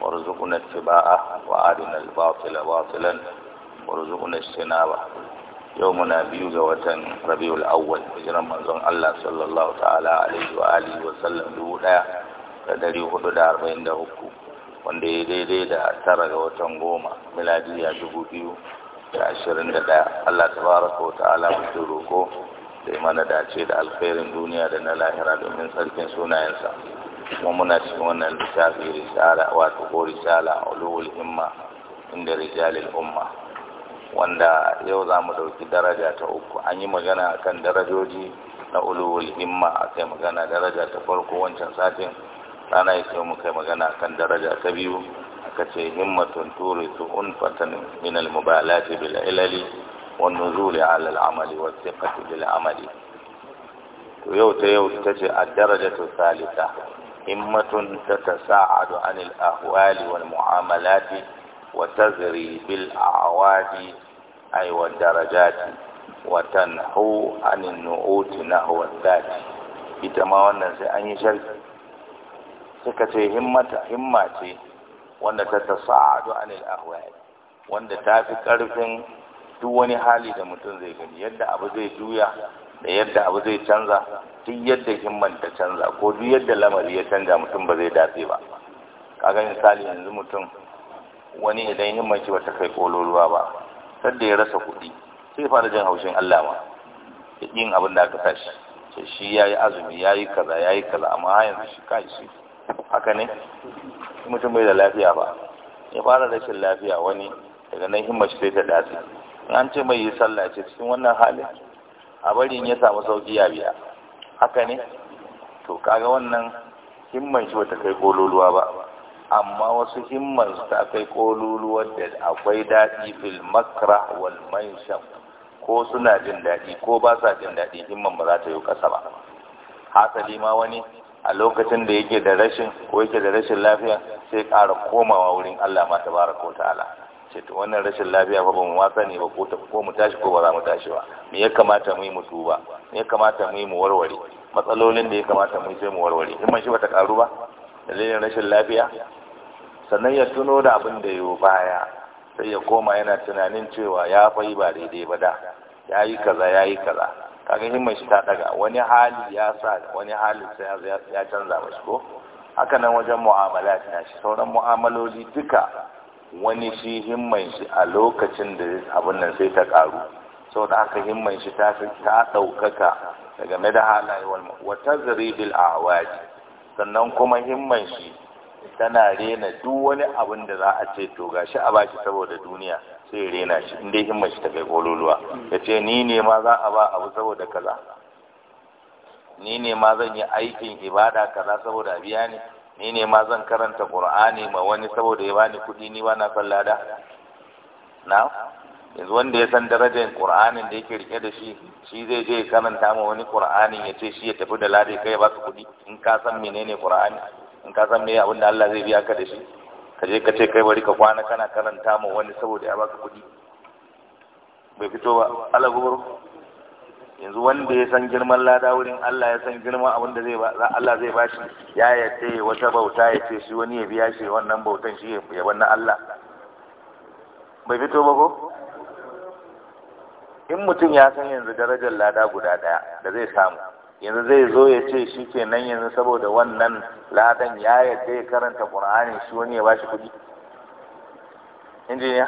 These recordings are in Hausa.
وارزقنا اتباعه وأرنا الباطل باطلا وارزقنا اجتنابه يومنا بيوغا وتن ربيع الأول hijiran manzon Allah sallallahu ta'ala alaihi wa alihi wa sallam dubu ɗaya da dari hudu da arba'in da uku wanda ya daidai da tara ga watan goma miladiya dubu biyu da ashirin da ɗaya Allah tabaraka wa ta'ala mutu roko da mana dace da alkhairin duniya da na lahira domin sarkin sunayensa kuma muna cikin wannan littafi risala wato ko risala ulul himma inda rijalil umma wanda yau za mu dauki daraja ta uku an yi magana akan darajoji na ulul himma akai magana daraja ta farko wancan satin rana yake mu kai magana akan daraja ta biyu aka ce himmatun turitu unfatan min al-mubalati bil ilali wan nuzuli ala al-amali wa thiqati bil amali to yau ta yau ta ce a daraja ta salisa himmatun tatasa'adu anil ahwali wal mu'amalati wa tazri bil a'wadi ay wa darajati wa tanhu anil nu'uti nahwa dhati ita ma wannan sai an yi sharhi suka ce himma ce wanda ta tasa'adu anil ahwali wanda ta fi karfin duk wani hali da mutum zai yadda abu zai juya da yadda abu zai canza duk yadda himman ta canza ko duk yadda lamari ya canza mutum ba zai dace ba kaga misali yanzu mutum wani idan himman shi bata kai kololuwa ba da ya rasa kuɗi sai fara jin haushin Allah ma yin abin da aka tashi ce shi yayi azumi yayi kaza yayi kaza amma yanzu shi kai shi haka ne mutum bai da lafiya ba ya fara rashin lafiya wani daga nan himmar shi sai ta dace an ce mai yi sallah ce cikin wannan halin a barin ya samu sauki ya biya haka ne to kaga wannan himman shi bata kai kololuwa ba amma wasu himman su ta kai kololuwa da akwai daɗi fil makra wal maisham ko suna jin daɗi ko ba sa jin daɗi himman ba za ta yi kasa ba hasali ma wani a lokacin da yake da rashin ko yake da rashin lafiya sai ƙara komawa wurin Allah ma tabaraka wa ta'ala ce to wannan rashin lafiya fa ba mu wasa ne ba ko ko mu tashi ko ba za mu tashi ba me ya kamata mu yi mu tuba me ya kamata mu yi mu warware matsalolin da ya kamata mu yi sai mu warware in shi bata karu ba dalilin rashin lafiya sannan ya tuno da abin da ya baya sai ya koma yana tunanin cewa ya fai ba daidai ba da ya yi kaza ya yi kaza kaga himmar shi ta daga wani hali ya sa wani halin sai ya canza mashi ko haka nan wajen mu'amala na shi sauran mu'amaloli duka wani shi himman shi a lokacin da abin nan sai ta karu saboda haka himman shi ta ta daukaka daga da halaye wal wa tazribil awaji sannan kuma himman shi tana rena duk wani abin da za a ce to gashi a baki saboda duniya sai rena shi inda himman shi ta kai kololuwa yace ni ne ma za a ba abu saboda kaza ni ne ma zan yi aikin ibada kaza saboda biya ne ni ne ma zan karanta qur'ani ma wani saboda ya bani kuɗi ni ba na son lada na yanzu wanda ya san darajar qur'anin da yake rike da shi shi zai je ya karanta ma wani qur'anin ya ce shi ya tafi da lada kai ya baka kuɗi in ka san menene qur'ani in ka san me abin Allah zai biya ka da shi ka je ka ce kai bari ka kwana kana karanta ma wani saboda ya baka kuɗi bai fito ba yanzu wanda ya san girman lada wurin Allah ya san girman abin da zai ba Allah zai bashi ya yadda wata bauta ya ce shi wani ya biya shi wannan bautan shi ya na Allah bai fito ba ko in mutum ya san yanzu darajar lada guda daya da zai samu yanzu zai zo ya ce shi ke nan yanzu saboda wannan ladan ya yadda ya karanta ƙur'ani shi wani ya ba shi kuɗi injiniya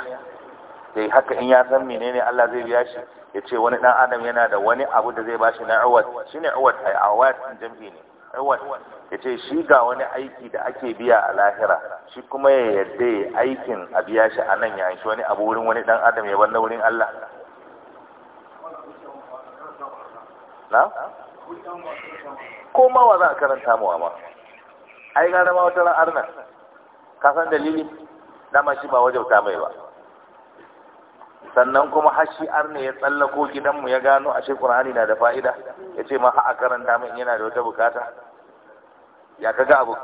sai eh, haka in ya san menene Allah zai biya shi ya ce wani dan adam yana da wani abu da zai bashi na awad shine awad ai awad jam'i ne awad ya ce shi ga wani aiki da ake biya a lahira shi kuma ya yarda ya aikin a biya shi a nan ya shi wani abu wurin wani dan adam ya na wurin Allah na koma wa za a karanta mu ma ai gara ma wata ran arna ka san dalili dama shi ba wajauta mai ba sannan kuma hashi arne ya tsallako gidanmu ya gano ashe ƙur'ani na da fa'ida ya ce ma a karanta min yana da wata bukata ya ga abu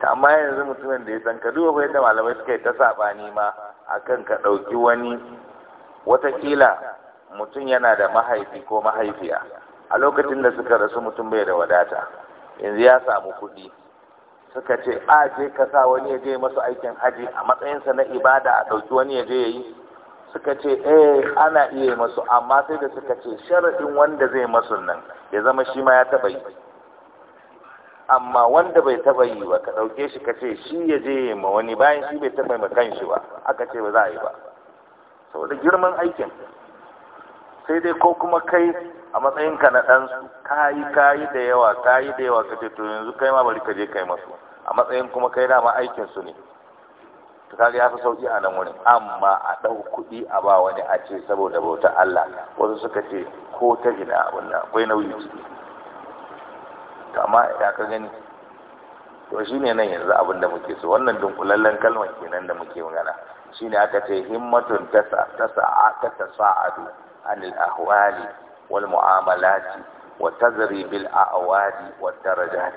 amma yanzu mutumin da ya san ka duba yadda malamai suka yi ta sabani ma akan ka ɗauki wani watakila mutum yana da mahaifi ko mahaifiya a lokacin da suka rasu mutum bai da wadata yanzu ya samu kuɗi suka ce a je ka sa wani ya je masu aikin haji a matsayinsa na ibada a ɗauki wani ya je ya yi suka ce eh ana iya masu amma sai da suka ce sharaɗin wanda zai masu nan ya zama shi ma ya taɓa yi amma wanda bai taɓa yi ba ka ɗauke shi ka ce shi ya je ma wani bayan shi bai taɓa yi ma shi ba aka ce ba za a yi ba saboda girman aikin sai dai ko kuma kai a matsayinka na ɗansu kayi kayi da yawa kayi da yawa kace to yanzu kai ma bari ka je kai masu a matsayin kuma kai dama aikin su ne to kaga ya fi sauki a nan wurin amma a ɗau kuɗi a ba wani a ce saboda bauta Allah wasu suka ce ko ta gina abin akwai nauyi ciki to amma ya ka gani to shine nan yanzu abin da muke so wannan dunkulallen kalmar kenan da muke magana shine aka ce himmatun tasa tasa ta tasa'adu عن الأهوال والمعاملات وتذري بالأعواد والدرجات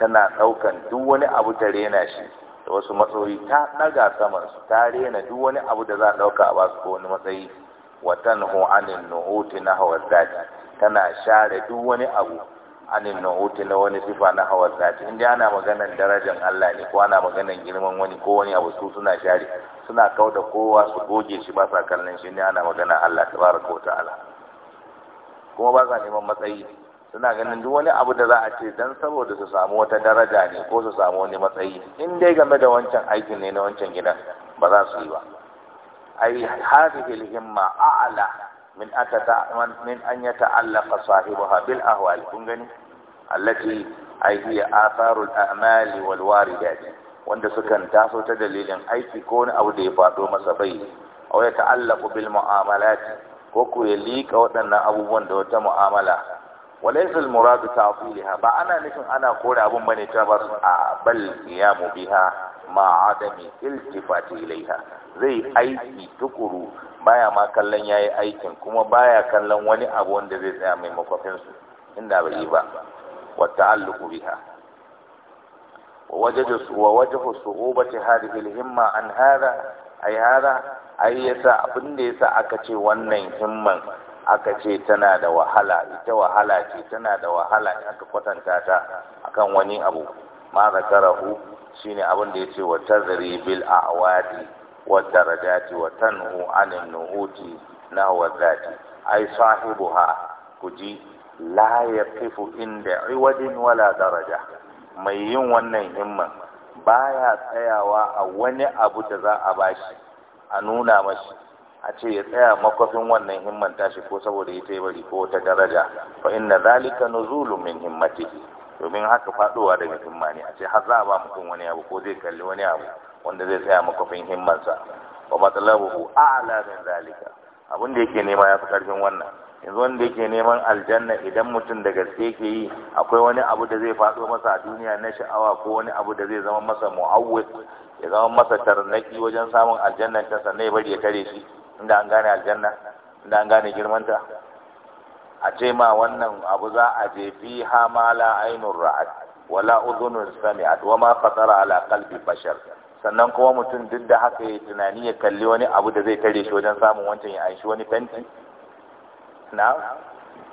تنا abu ta أبو تريناشي da wasu matsayi ta ɗaga saman su ta rena duk wani abu da za a ɗauka a basu ko wani matsayi watan ho'anin nuhuti na hawar tana share duk wani abu anin hutu na wani sifa na hawa zati inda ana maganan darajar Allah ne ko ana maganan girman wani ko wani abu su suna share suna kauda kowa su goge shi ba sa kallon shi ne ana maganan Allah tabaraka ta'ala kuma ba sa neman matsayi suna ganin duk wani abu da za a ce dan saboda su samu wata daraja ne ko su samu wani matsayi in dai game da wancan aikin ne na wancan gidan ba za su yi ba ai hadhihi al-himma a'la min atata min an yata'allaqa sahibaha bil ahwal kun gani allati ay hiya atharul wanda sukan taso ta dalilin aiki ko wani abu da ya fado masa bai aw ta'allaku bil mu'amalat ko ku ya lika waɗannan abubuwan da wata mu'amala walaysa al muradu ta'tilha ba ana nufin ana kore abun bane ta ba a bal qiyamu biha ma adami iltifati ilaiha zai aiki tukuru baya ma kallon yayi aikin kuma baya kallon wani abu wanda zai tsaya mai makwafin su inda bai yi ba wa ta'alluqu biha wa wajadu wa wajhu su'ubati hadhihi al-himma an hada ay hada ai yasa abin da yasa aka ce wannan himman aka ce tana da wahala ita wahala ce tana da wahala in aka kwatanta ta akan wani abu ma zakarahu shine abin da yace wa tazribil a'wadi والدرجات وتنهو na النهوض نحو الذات أي صاحبها كجي لا يقف inda عوض wala daraja, mai yin wannan himman baya tsayawa a wani abu da za a bashi a nuna mashi a ce ya tsaya makwafin wannan himman tashi ko saboda ita bari ko wata daraja fa inna zalika nuzulun min himmatihi domin haka fadowa daga himma ne a ce har za a ba mutum wani abu ko zai kalli wani abu wanda zai tsaya makofin himmansa ba matalabuhu a alamin zalika abin da yake nema ya fi karfin wannan yanzu wanda yake neman aljanna idan mutum da gaske yake yi akwai wani abu da zai faɗo masa a duniya na sha'awa ko wani abu da zai zama masa mu'awwid ya zama masa tarnaki wajen samun aljanna ta sannan ya bari ya kare shi inda an gane aljanna inda an gane girmanta a ce ma wannan abu za a je fi ha ma la ainur ra'at wala udhunun sami'at wa ma khatara ala qalbi bashar sannan kuma mutum duk da haka ya tunani ya kalli wani abu da zai tare shi wajen samun wancan ya aishi wani fenti na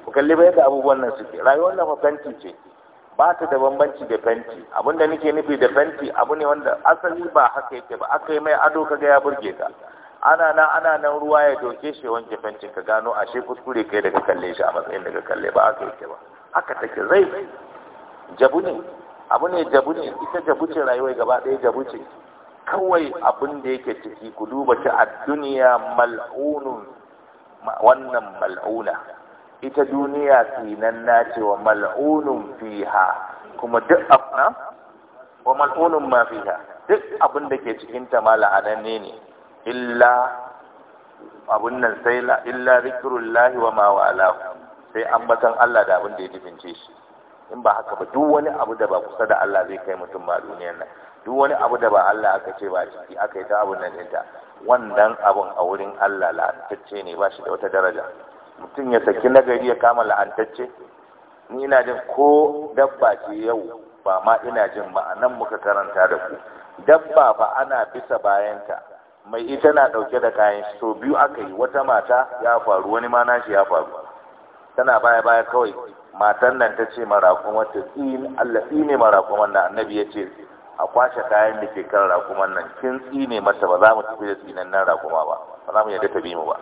ku kalli ba yadda abubuwan nan suke rayuwar nan fenti ce ba ta da bambanci da fenti abinda nake nufi da fenti abu ne wanda asali ba haka yake ba aka yi mai ado kaga ya burge ka ana nan ana nan ruwa ya doke shi wanke fenti ka gano ashe kuskure kai daga kalle shi a matsayin daga kalle ba haka yake ba haka take zai jabu ne abu ne jabu ne ita jabu ce rayuwar gaba ɗaya jabu ce kawai abin da yake ciki ku duba ta a duniya mal'unun wannan mal'una ita duniya nan na ce wa mal'unun fiha kuma duk abna wa mal'unun ma fiha duk abin da ke cikin ta ma la'ananne ne illa abin nan sai la illa zikrullahi wa ma wa'ala sai ambatan Allah da abin da ya difince shi in ba haka ba duk wani abu da ba kusa da Allah zai kai mutum ba duniyar nan duk wani abu da ba Allah aka ce ba ciki aka yi ta abun nan ɗinta wannan abun a wurin Allah la'antacce ne ba shi da wata daraja mutum ya saki nagari ya kama la'antacce ni ina jin ko dabba ce yau ba ma ina jin ba a nan muka karanta da ku dabba fa ana bisa bayanta mai ita na ɗauke da kayan shi To biyu aka yi wata mata ya faru wani ma nashi ya faru tana baya baya kawai matan nan ta ce maraƙumar ta tsini Allah tsine maraƙumar nan annabi ya ce a kwashe kayan da ke kan rakuman nan kin tsine mata ba za mu tafi da tsinan nan raƙuma ba ba za mu yadda ta bi mu ba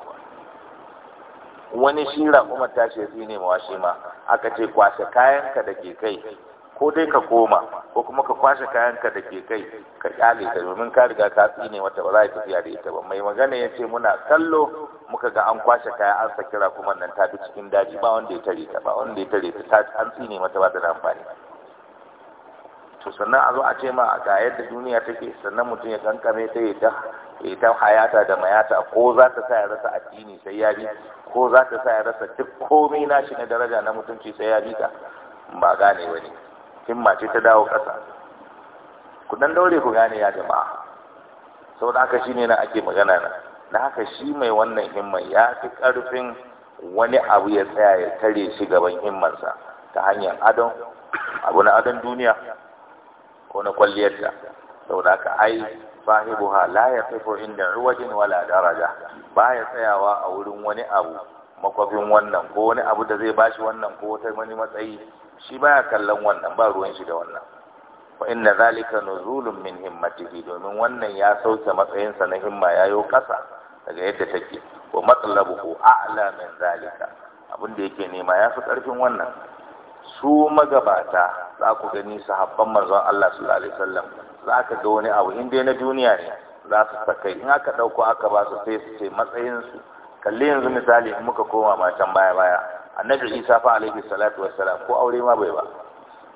wani shi rakuman ta ce tsine ma shi ma aka ce kwashe kayan ka da ke kai ko dai ka koma ko kuma ka kwashe kayanka da ke kai ka kyale ta domin ka riga ka tsine wata ba za a tafiya da ita ba mai magana ya ce muna kallo muka ga an kwashe kaya an sa kira kuma nan ta bi cikin daji ba wanda ya tare ta ba wanda ya tare ta an tsine mata ba ta da amfani to sannan a zo a ce ma ga yadda duniya take sannan mutum ya kankame ta ya ta ya ta hayata da mayata ko za ta sa ya rasa addini sai ya bi ko za ta sa ya rasa duk komai nashi na daraja na mutunci sai ya bi ta ba gane wani himma ce ta dawo ƙasa ku dan daure ku gane ya jama'a da haka shine na ake magana na na haka shi mai wannan himman ya fi ƙarfin wani abu ya tsaya ya tare shi gaban himmansa ta hanyar adon abu na adon duniya ko na kwalliyarta da haka ai sahibuha la yaqifu inda ruwajin wala daraja Ba ya tsayawa a wurin wani abu makwafin wannan ko wani abu da zai bashi wannan ko wata wani matsayi shi ba ya kallon wannan ba ruwan shi da wannan wa inna zalika nuzulun min himmatihi domin wannan ya sauke matsayinsa na himma ya yayo kasa daga yadda take wa matlabuhu a'la min zalika abin da yake nema ya fi karfin wannan su magabata za ku gani su sahabban manzon Allah sallallahu alaihi wasallam za ka ga wani abu in dai na duniya ne za su sakai in aka dauko aka ba su sai su ce matsayinsu. su kalli yanzu misali in muka koma ma can baya baya annabi isa fa alaihi salatu wassalam ko aure ma bai ba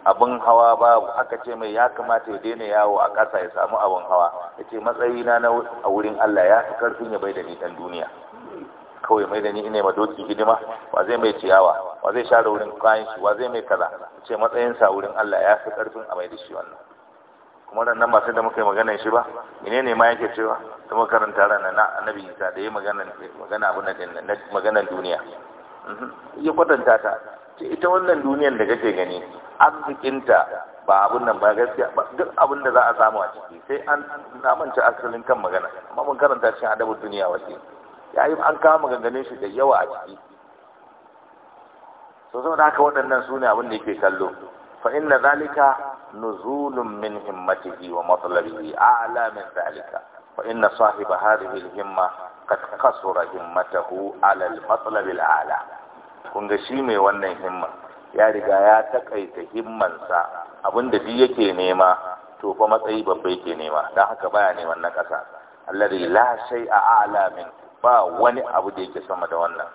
abin hawa babu aka ce mai ya kamata ya daina yawo a ƙasa ya samu abin hawa ya ce matsayina na a wurin Allah ya fi karfin ya bai da ni ɗan duniya kawai mai da ni ina ma doki hidima wa zai mai ciyawa wa zai share wurin kayan shi wa zai mai kaza ya ce matsayinsa wurin Allah ya fi karfin a mai da shi wannan kuma nan ba sai da muka yi maganar shi ba Menene ne ma yake cewa ta makaranta ran na annabi isa da ya na maganar duniya ya kwatanta ta ce ita wannan duniyar da kake gani arzikinta ba abun nan ba gaskiya ba duk abin da za a samu a ciki sai an namance asalin kan magana amma mun karanta shi adabin duniya wace yayin an kama ganganin shi da yawa a ciki so da haka waɗannan su ne abin da yake kallo fa inna zalika nuzulun min himmatihi wa matlabihi a'la min zalika fa inna sahiba hadhihi al-himma kad kasura himmatahu ala al ala kun ga shi mai wannan himma ya riga ya takaita himmansa abinda duk yake nema to fa matsayi babba yake nema dan haka baya neman na kasa alladhi la shay'a a'la min ba wani abu da yake sama da wannan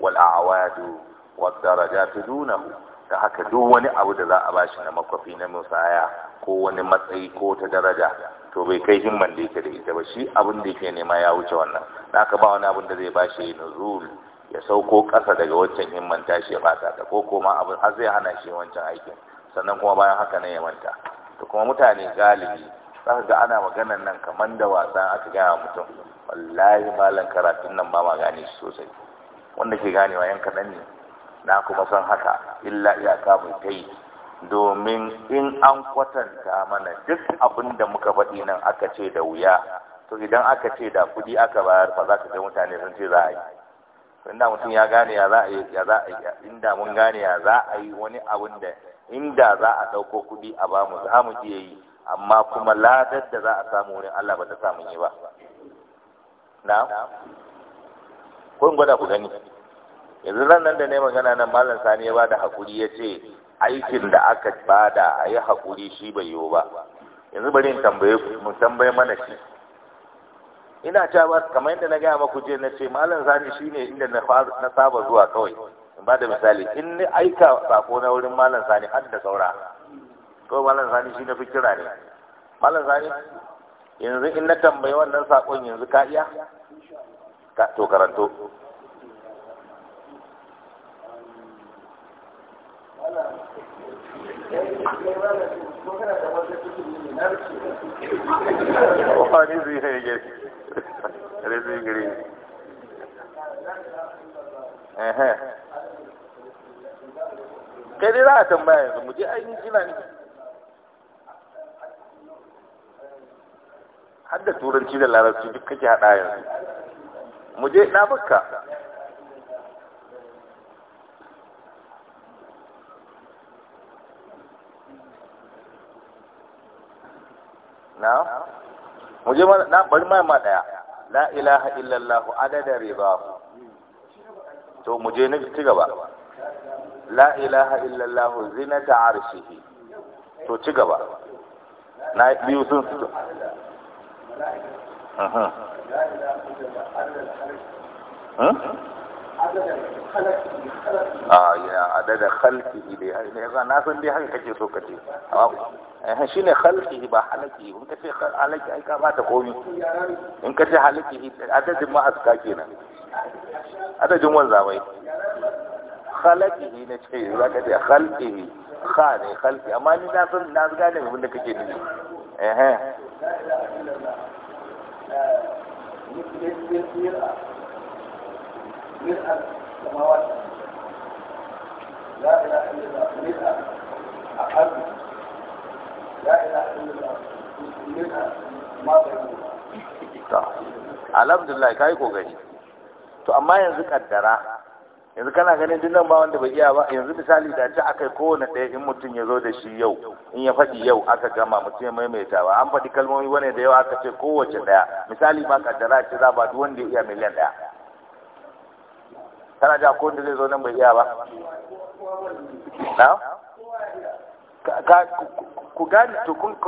wal a'wadu wad darajatu dunahu da haka duk wani abu da za a bashi na makwafi na musaya ko wani matsayi ko ta daraja to bai kai himman da yake da ita ba shi abin da yake nema ya wuce wannan naka ba wani abin da zai bashi nuzul ya sauko kasa daga waccan himman shi ya bata ta ko kuma abin har zai hana shi wancan aikin sannan kuma bayan haka ne ya manta to kuma mutane galibi za ga ana maganan nan kamar da wasa aka gaya mutum wallahi malam karatun nan ba ma gane shi sosai wanda ke ganewa yanka kaɗan ne na kuma san haka illa iyaka mai kai domin in an kwatanta mana duk abin da muka faɗi nan aka ce da wuya to idan aka ce da kuɗi aka bayar fa za ka ga mutane sun ce za a yi inda mutum ya gane ya za a yi ya za a yi inda mun gane ya za a yi wani abin da inda za a ɗauko kuɗi a ba mu za mu iya yi amma kuma ladar da za a samu wurin Allah ba ta samu yi ba na ko in gwada ku gani yanzu ran nan da ne magana nan malam sani ya ba da hakuri ya ce aikin da aka bada a yi haƙuri shi bai yiwu ba yanzu bari in tambaye mu tambaye mana shi ina ta ba kamar yadda na gaya maku je na ce malam sani ne inda na saba zuwa kawai in ba da misali in ni aika sako na wurin malam sani har da saura ko malam sani shi na fi kira ne malam zani yanzu in na tambayi wannan sakon yanzu ka iya ka to karanto wa kai dai za a tambaya yanzu mu je ainihin gina ne har da turanci da larabci duk kake haɗa yanzu mu je na bakka na mu je na bari mai ma daya la ilaha illallah adada riba, to mu je na ci gaba la ilaha illallah zinata arshihi to ci gaba na biyu sun su. Uh-huh. Ah, a adada khalqihi dai ne ga na san dai haka kake so kace eh shine khalqihi ba halaki in kace halaki ai ka bata komi in kace halaki adadin ma aska kenan adadin wanza bai khalqihi ne ce za ka ce khalqihi kha ne khalqi amma ni na san na gane abin da kake nufi eh eh ملء السماوات لا إله الله to amma yanzu kaddara yanzu kana ganin dinnan ba wanda bai iya ba yanzu misali da ci akai kowane ɗaya in mutum ya zo da shi yau in ya faɗi yau aka gama mutum ya maimaita ba an faɗi kalmomi wani da yawa aka ce kowace ɗaya misali ma kaddara ce za ba duk wanda ya iya miliyan ɗaya kana ji ko wanda zai zo nan bai iya ba na ku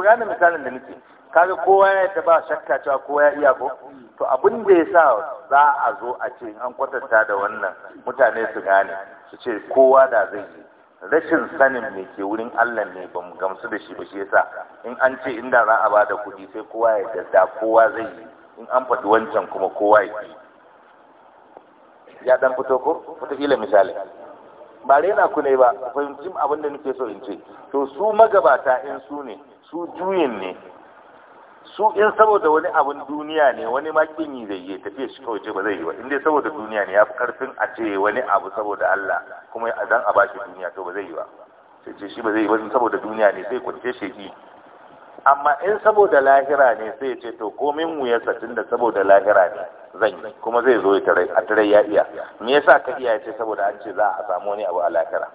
gane misalin da nake kaga kowa ya ta ba shakka cewa kowa ya iya ko to abin da ya sa za a zo a ce an kwatanta da wannan mutane su gane su ce kowa da zai yi rashin sanin me ke wurin Allah ne ba mu gamsu da shi ba shi yasa in an ce inda za a da kuɗi sai kowa ya da kowa zai yi in an faɗi wancan kuma kowa ya yi ya dan fito ko wataƙila misali ba rena ku ne ba fahimci abin da nake so in ce to su magabata in su ne su juyin ne su in saboda wani abin duniya ne wani ma kinyi zai yi tafiya shi kawai ba zai yi ba in dai saboda duniya ne ya fi karfin a ce wani abu saboda Allah kuma dan a bashi duniya to ba zai yi ba sai ce shi ba zai yi ba saboda duniya ne sai kwance shi amma in saboda lahira ne sai ya ce to komin mu ya satin da saboda lahira ne zan yi kuma zai zo a tare ya iya me yasa ka iya ce saboda an ce za a samu wani abu a lahira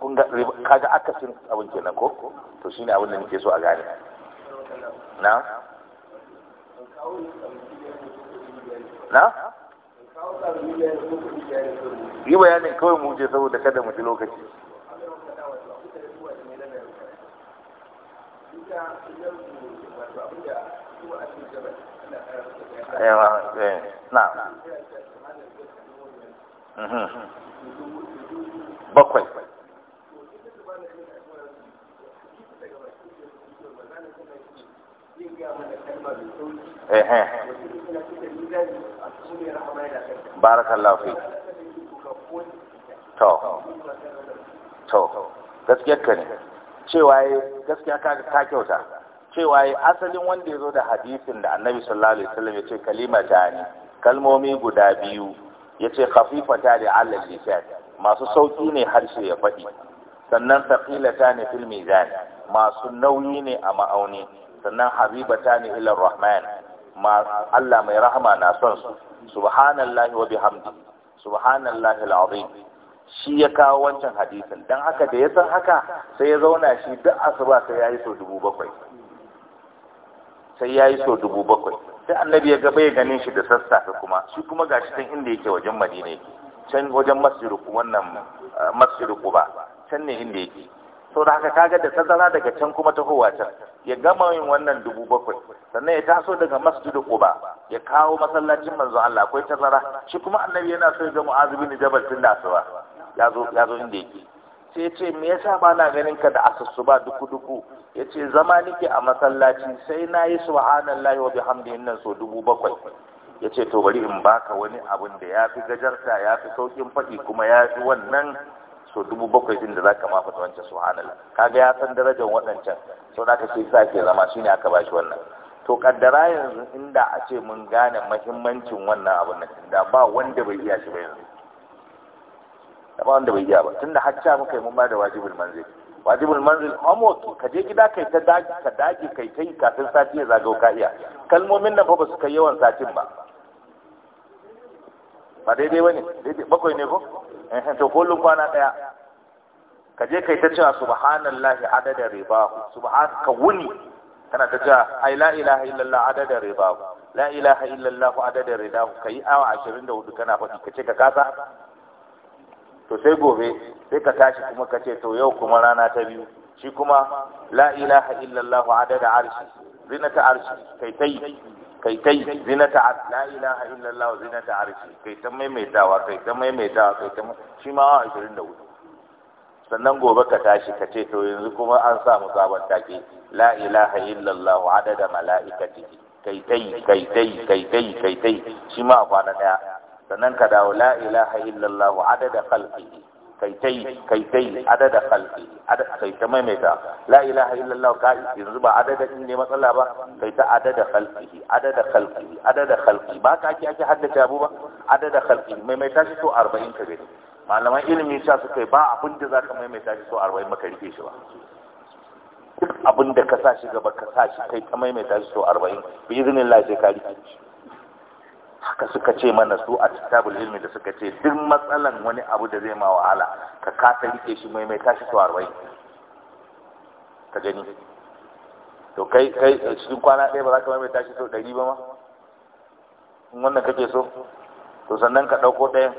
kun ga kaga akasin abin kenan ko to shine abin da nake so a gane na na yi bayanin kawai mu je saboda kada mu ji lokaci yawa na bakwai eh, eh. barakallahu fi to to gaskiyar ka ne cewa eh, gaskiya ka ta kyauta cewa ya eh, asalin wanda ya zo da hadisin da annabi sallallahu alaihi wasallam ya ce kalima ni kalmomi guda biyu ya ce khafifata da alal lisan masu sauki ne harshe ya faɗi sannan ta ne fil mizan masu nauyi ne a ma'auni sannan habibata ne ila rahman Allah mai rahama na son su subhanallahi wa bihamdi subhanallahi alazim shi ya kawo wancan hadisin don haka da ya san haka sai ya zauna shi duk asuba sai ya yi so dubu bakwai sai ya yi so dubu bakwai sai annabi ya gaba ya ganin shi da sassafe kuma shi kuma ga shi can inda yake wajen madina yake can wajen masjidu wannan masjidu ba can ne inda yake sau da haka kaga da tazara daga can kuma ta can ya gama yin wannan dubu bakwai sannan ya taso daga masjidu quba ya kawo masallacin manzo Allah akwai tazara shi kuma annabi yana so ya ga mu'azu bin jabal tun da asuba ya zo ya inda yake sai ya ce me yasa ba na ganin ka da asusuba duku duku ya ce zama nake a masallaci sai na yi subhanallahi wa bihamdihi nan so dubu bakwai ya ce to bari in baka wani abun da ya fi gajarta ya fi saukin faɗi kuma ya fi wannan to dubu bakwai din da za ka mafata wancan subhanallah kaga ya san darajar waɗancan sau da ka ce sa ke zama ne aka bashi wannan to kaddara yanzu inda a ce mun gane mahimmancin wannan abin nan da ba wanda bai iya shi ba yanzu da ba wanda bai iya ba tunda hacca muka yi mun ba da wajibul manzil wajibul manzil homework ka je gida kai ta daki ka daki kai ta yi kafin sati ya zagawo ka iya kalmomin nan fa ba su kai yawan satin ba ba daidai ba ne bakwai ne ko to kullum kwana daya ka je kai ta cewa subhanallahi adada riba subhan ka wuni kana ta cewa ai la ilaha illallah adada riba la ilaha illallah adada riba kai awa 24 kana faɗi kace ka kasa to sai gobe sai ka tashi kuma ka ce to yau kuma rana ta biyu shi kuma la ilaha illallah adada arshi zinata arshi kai tai kai kai zinata a la ilaha illallah wa zinata arshi kai ta maimaitawa kai ta maimaitawa kai ta shi ma 24 sannan gobe ka tashi ka ce to yanzu kuma an sa mu sabon take la ilaha illallah wa adada malaikatihi kai kai kai kai kai kai kai kai shi ma a kwana daya sannan ka dawo la ilaha illallah wa adada khalqihi Kaitai, kaitai, kai tai adada khalqi adada kai ta maimaita la ilaha illallah ka yanzu ba adada ne matsala ba kaita adada khalqi adada khalqi adada khalqi ba ka ake ake haddace abu ba adada khalqi maimaita shi to 40 ka gani malaman ilimi sha su kai, ba abin da zaka maimaita shi to 40 maka rike shi ba Abun abin da ka sa shi gaba ka sa shi kai ta maimaita shi to 40 bi idnillah sai ka rike shi haka suka ce mana su a kitabul ilmi da suka ce duk matsalan wani abu da zai ma wahala ka kasa rike shi mai mai tashi su arba'in ka gani to kai kai cikin kwana ɗaya ba za ka mai tashi sau ɗari ba ma in wannan kake so to sannan ka ɗauko ɗayan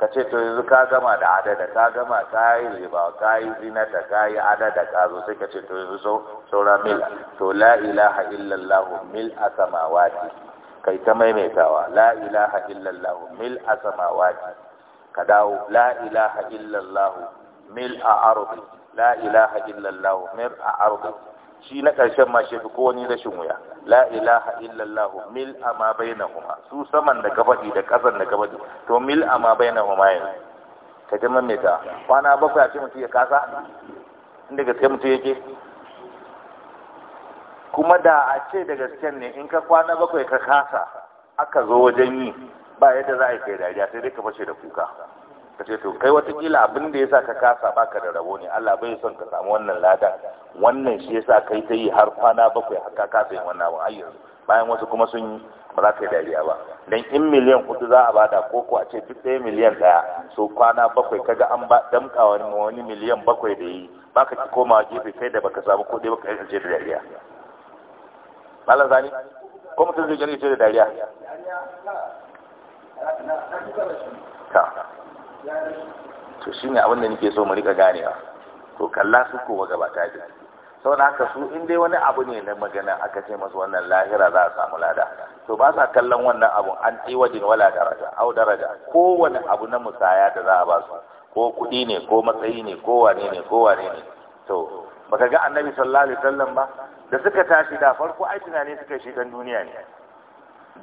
ka ce to yanzu ka gama da adada ka gama ka yi riba ka yi zinata ka yi adada ka zo sai ka ce to yanzu saura mil to la ilaha illallah mil a samawati kai ta maimaitawa la ilaha illallah mil asamawati ka dawo la ilaha illallah mil a arbi la ilaha illallah mil a arbi shi na ƙarshen ma shi ko wani rashin wuya la ilaha illallah mil a ma bainahuma su saman da gabadi da ƙasan da gabadi to mil a ma bainahuma yanzu ka ta maimaita kwana bakwai a ce mutu ya kasa inda kai mutu yake kuma da a ce da gaske ne in ka kwana bakwai ka kasa aka zo wajen yi ba yadda za a kai dariya sai dai ka fashe da kuka ka ce to kai watakila abin da ya sa ka kasa baka da rabo ne Allah bai son ka samu wannan lada wannan shi yasa kai ta yi har kwana bakwai har ka kasa yin wannan abin ayyuka bayan wasu kuma sun yi ba za ka yi dariya ba dan in miliyan hudu za a bada ko ko a ce duk ɗaya miliyan ɗaya so kwana bakwai kaga an ba damka wani miliyan bakwai da yi baka ki komawa gefe kai da baka samu kuɗi baka yi da dariya malazani ko mutum zai gani ce da dariya ta to shi ne abinda nike so mu rika ganewa to kalla su kowa gaba ta ji sau da haka su in dai wani abu ne na magana aka ce masu wannan lahira za a samu lada to ba sa kallon wannan abu an tiwajin wala daraja au daraja kowane abu na musaya da za a ba su ko kuɗi ne ko matsayi ne ko wane ne ko wane ne to baka ga annabi sallallahu alaihi wasallam ba da suka tashi da farko ai tunani suka shi dan duniya ne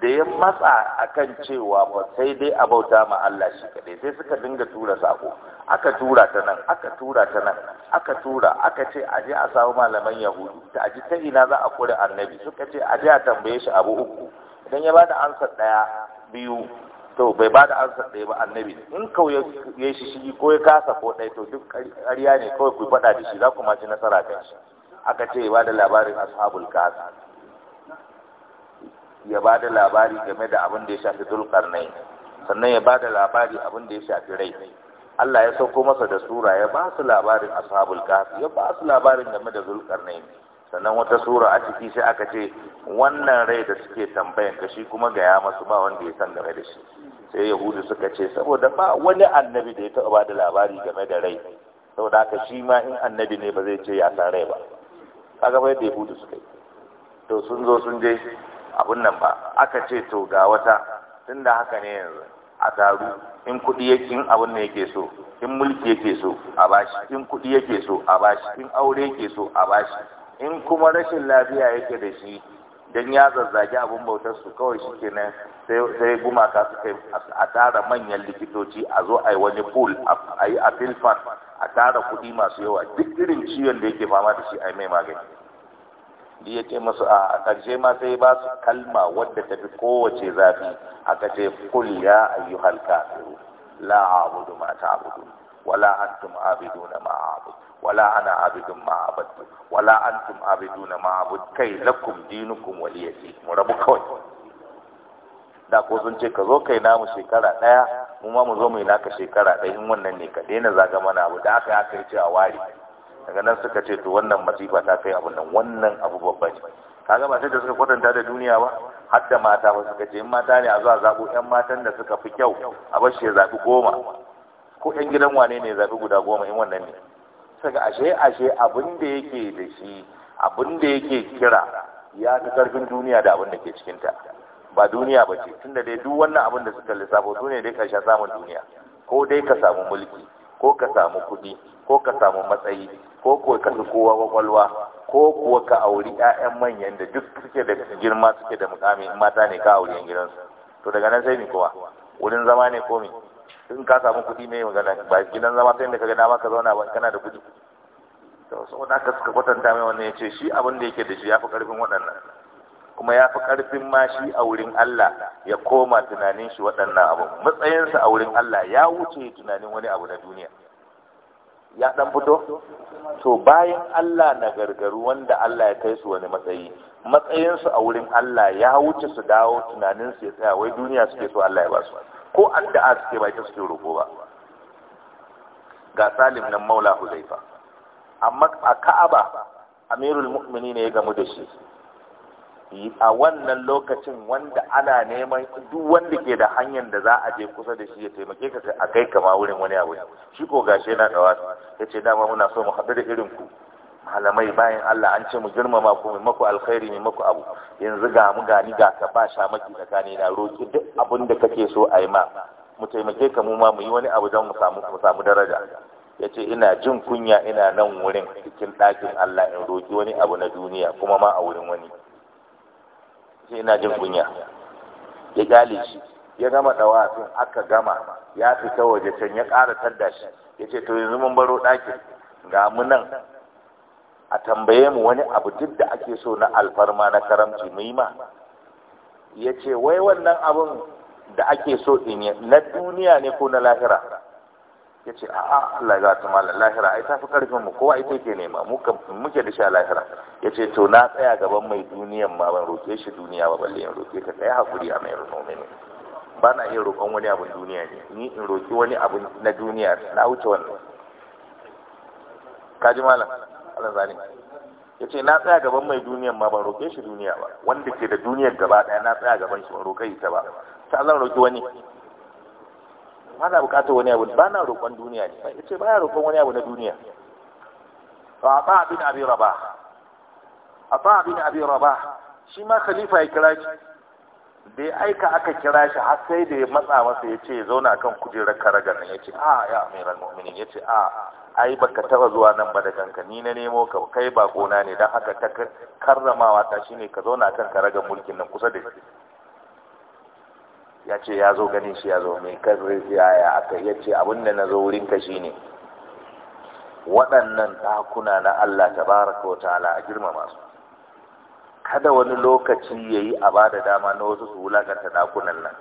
da ya matsa akan cewa ba sai dai a bauta ma Allah shi kadai sai suka dinga tura sako aka tura ta nan aka tura ta nan aka tura aka ce a je a samu malaman yahudu ta aji ta ina za a kore annabi suka ce a a tambaye shi abu uku idan ya bada ansa daya biyu to bai bada ansa daya ba annabi in kawai ya shi shi ko ya kasa ko dai to duk ƙarya ne kawai ku faɗa da shi za ku ma ci nasara kan aka ce ya ba da labarin ashabul kasa ya ba da labari game da abin da ya shafi nai, sannan ya ba da labari abin da ya shafi rai Allah ya sauko masa da sura ya ba su labarin ashabul kasa ya ba su labarin game da nai. sannan wata sura a ciki sai aka ce wannan rai da suke tambayan ka shi kuma ya masu ba wanda ya san game da shi sai yahudu suka ce saboda ba wani annabi da ya taɓa ba da labari game da rai saboda haka shi ma in annabi ne ba zai ce ya san rai ba kaga bai da hudu suka yi to sun zo sun je abun nan ba aka ce to ga wata tunda haka ne yanzu a taru in kuɗi yake in abun ne yake so in mulki yake so a bashi in kuɗi yake so a bashi in aure yake so a bashi in kuma rashin lafiya yake da shi don ya zazzage abin bautar su kawai kenan sai gumaka suka yi a tara manyan likitoci a zo a yi wani pool a yi a filfan a tara kuɗi masu yawa duk irin ciwon da yake fama da shi a mai magani ya ce masu a ƙarshe ma sai ba su kalma wadda ta fi kowace zafi aka ce kul ya ayyuhal kafiru la ma ta abudu wala antum عابدون ما abud wala ana عابد ما abud ولا antum عابدون ما abud kai لكم دينكم ولي mu rabu kawai da ko sun ce ka zo kai namu shekara daya mu ma mu zo mu yi naka shekara daya in wannan ne ka daina zaga mana abu da aka aka yi ce a wari daga nan suka ce to wannan masifa ta kai abun nan wannan abu babba ne kaga ba sai da suka kwatanta da duniya ba har da mata ba suka ce in mata ne a zo a zaɓo 'yan matan da suka fi kyau a bar shi ya zaɓi goma ko yan gidan wane ne zaɓi guda goma in wannan ne saka ashe ashe abin da yake da shi abin da yake kira ya fi karfin duniya da abin da ke cikinta ba duniya ba ce tunda dai duk wannan abin da suka lissafo su ne dai karshen samun duniya ko dai ka samu mulki ko ka samu kuɗi ko ka samu matsayi ko kuwa ka fi kowa kwakwalwa ko kuwa ka auri 'ya'yan manyan da duk suke da girma suke da mukami mata ne ka auri yan gidansu to daga nan sai ni kowa wurin zama ne komi in ka samu kuɗi mai magana ba gidan zama sai da kaga dama ka zauna ba kana da kuɗi to saboda haka suka kwatanta mai wannan yace shi abin da yake da shi yafi karfin waɗannan kuma yafi karfin ma shi a wurin Allah ya koma tunanin shi waɗannan abun sa a wurin Allah ya wuce tunanin wani abu na duniya ya dan fito to bayan Allah na gargaru wanda Allah ya kai su wani matsayi su a wurin Allah ya wuce su dawo tunaninsu ya tsaya wai duniya suke so Allah ya ba su ko addu'a suke ba ita suke roƙo ba ga salim nan maula huzaifa amma a ka'aba amirul mu'mini ne ya gamu da shi a wannan lokacin wanda ana neman duk wanda ke da hanyar da za a je kusa da shi ya taimake ka a kai kama wurin wani abu shi ko gashe na ɗawa. ya ce dama muna so mu haɗu da irin ku malamai bayan Allah an ce mu girmama ku mai maku alkhairi mai maku abu yanzu ga mu gani ga ka ba sha maki gani na roki duk abin da kake so a yi ma mu taimake ka mu ma mu yi wani abu don mu samu mu samu daraja ya ce ina jin kunya ina nan wurin cikin ɗakin Allah in roki wani abu na duniya kuma ma a wurin wani sai ina jin kunya ya gale shi ya gama dawafin aka gama ya fita waje can ya ƙara tadda shi ya ce to yanzu mun baro ɗakin ga mu nan a tambaye mu wani abu duk da ake so na alfarma na karamci mu yi ma ya ce wai wannan abun da ake so in yi na duniya ne ko na lahira ya ce a'a Allah ya ta malam lahira ai tafi karfin mu kowa ita ke nema muke da sha lahira ya ce to na tsaya gaban mai duniyan ma ban roƙe shi duniya ba balle in roƙe ka tsaya hakuri a mai rufo mai ba na iya roƙon wani abin duniya ne ni in roƙi wani abu na duniya na wuce wannan kaji malam ala zalim yace na tsaya gaban mai duniyan ma ban roke shi duniya ba wanda ke da duniyar gaba daya na tsaya gaban shi ban roke ita ba ta zan roki wani ba na bukatar wani abu ba na roƙon duniya ne yace ba ya roƙon wani abu na duniya abin abin Abi Rabah ba abin Abi Rabah shi ma khalifa ya kira shi da aika aka kira shi har sai da ya matsa masa ya ce zauna kan kujerar karagar nan ya ce a ah, ya amiran mu'minin ya ce a ah, ai baka taba zuwa nan ba da kanka ni na nemo ka kai ba gona ne dan haka ta karramawa ta shine ka zauna kan karagar mulkin nan kusa da shi ya ce ya zo ganin shi ya zo mai ya ya aka ya ce abin da na zo wurin ka shine waɗannan ɗakuna na Allah tabaraka wa ta'ala a girmama su kada wani lokaci ya yi a bada dama na wasu su wulakanta dakunan nan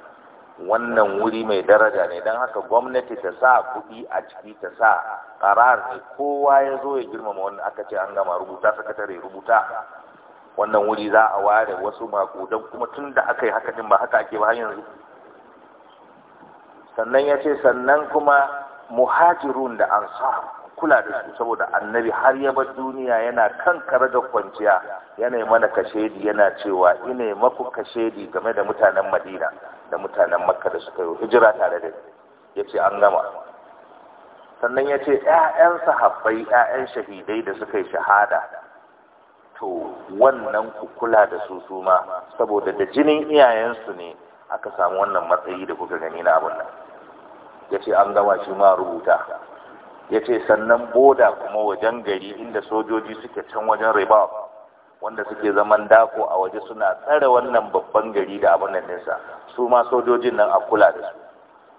wannan wuri mai daraja ne don haka gwamnati ta sa kuɗi a ciki ta sa ƙarar ne kowa ya zo ya girmama wannan aka ce an gama rubuta sakatare rubuta wannan wuri za a ware wasu makudan kuma tun da aka yi haka ba haka ake ba yanzu sannan ya ce sannan kuma muhajirun da ansar kula da su saboda annabi har ya bar duniya yana kan kare da kwanciya yana mana kashedi yana cewa ina maku kashedi game da mutanen madina da mutanen makka da suka yi hijira tare da ya ce an gama sannan ya ce ‘ya'yan sahabbai ‘ya'yan shahidai da suka yi shahada to wannan ku kula da su su ma saboda da jinin iyayensu ne aka samu wannan matsayi da kuka gani na abun nan ya ce an gama shi ma rubuta ya ce sannan boda kuma wajen gari inda sojoji suke can wajen riba wanda suke zaman dako a waje suna tsare wannan babban gari da abin nan nesa su ma sojojin nan a kula da su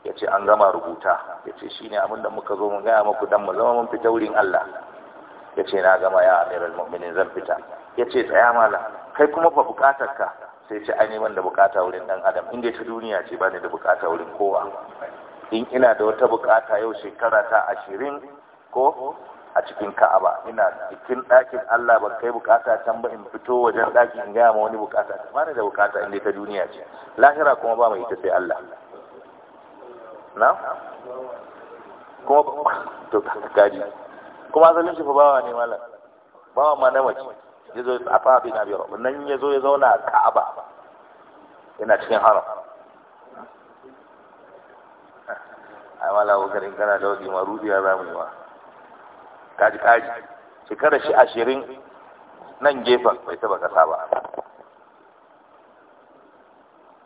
ya ce an gama rubuta ya ce shi ne abin da muka zo mun gaya muku dan mu zama mun fita wurin Allah ya ce na gama ya amiral mu'minin zan fita ya ce tsaya mala kai kuma fa bukatar ka sai ce ai da bukata wurin dan adam inda ta duniya ce ba ne da bukata wurin kowa in ina da wata bukata yau shekara ta ashirin ko a cikin ka'aba ina cikin ɗakin Allah ban kai bukata can ba in fito wajen ɗakin in gaya ma wani bukata ta ni da bukata inda ta duniya ce lahira kuma ba mai ita sai Allah na kuma to kaji kuma asalin shi fa bawa ne malam bawa ma na mace yazo a fa bin abi nan yazo ya zauna a ka'aba ina cikin haram mala abubakar in kana da wadi ma rudiya za mu yi ma kaji kaji shekarar shi ashirin nan gefen bai taba kasa ba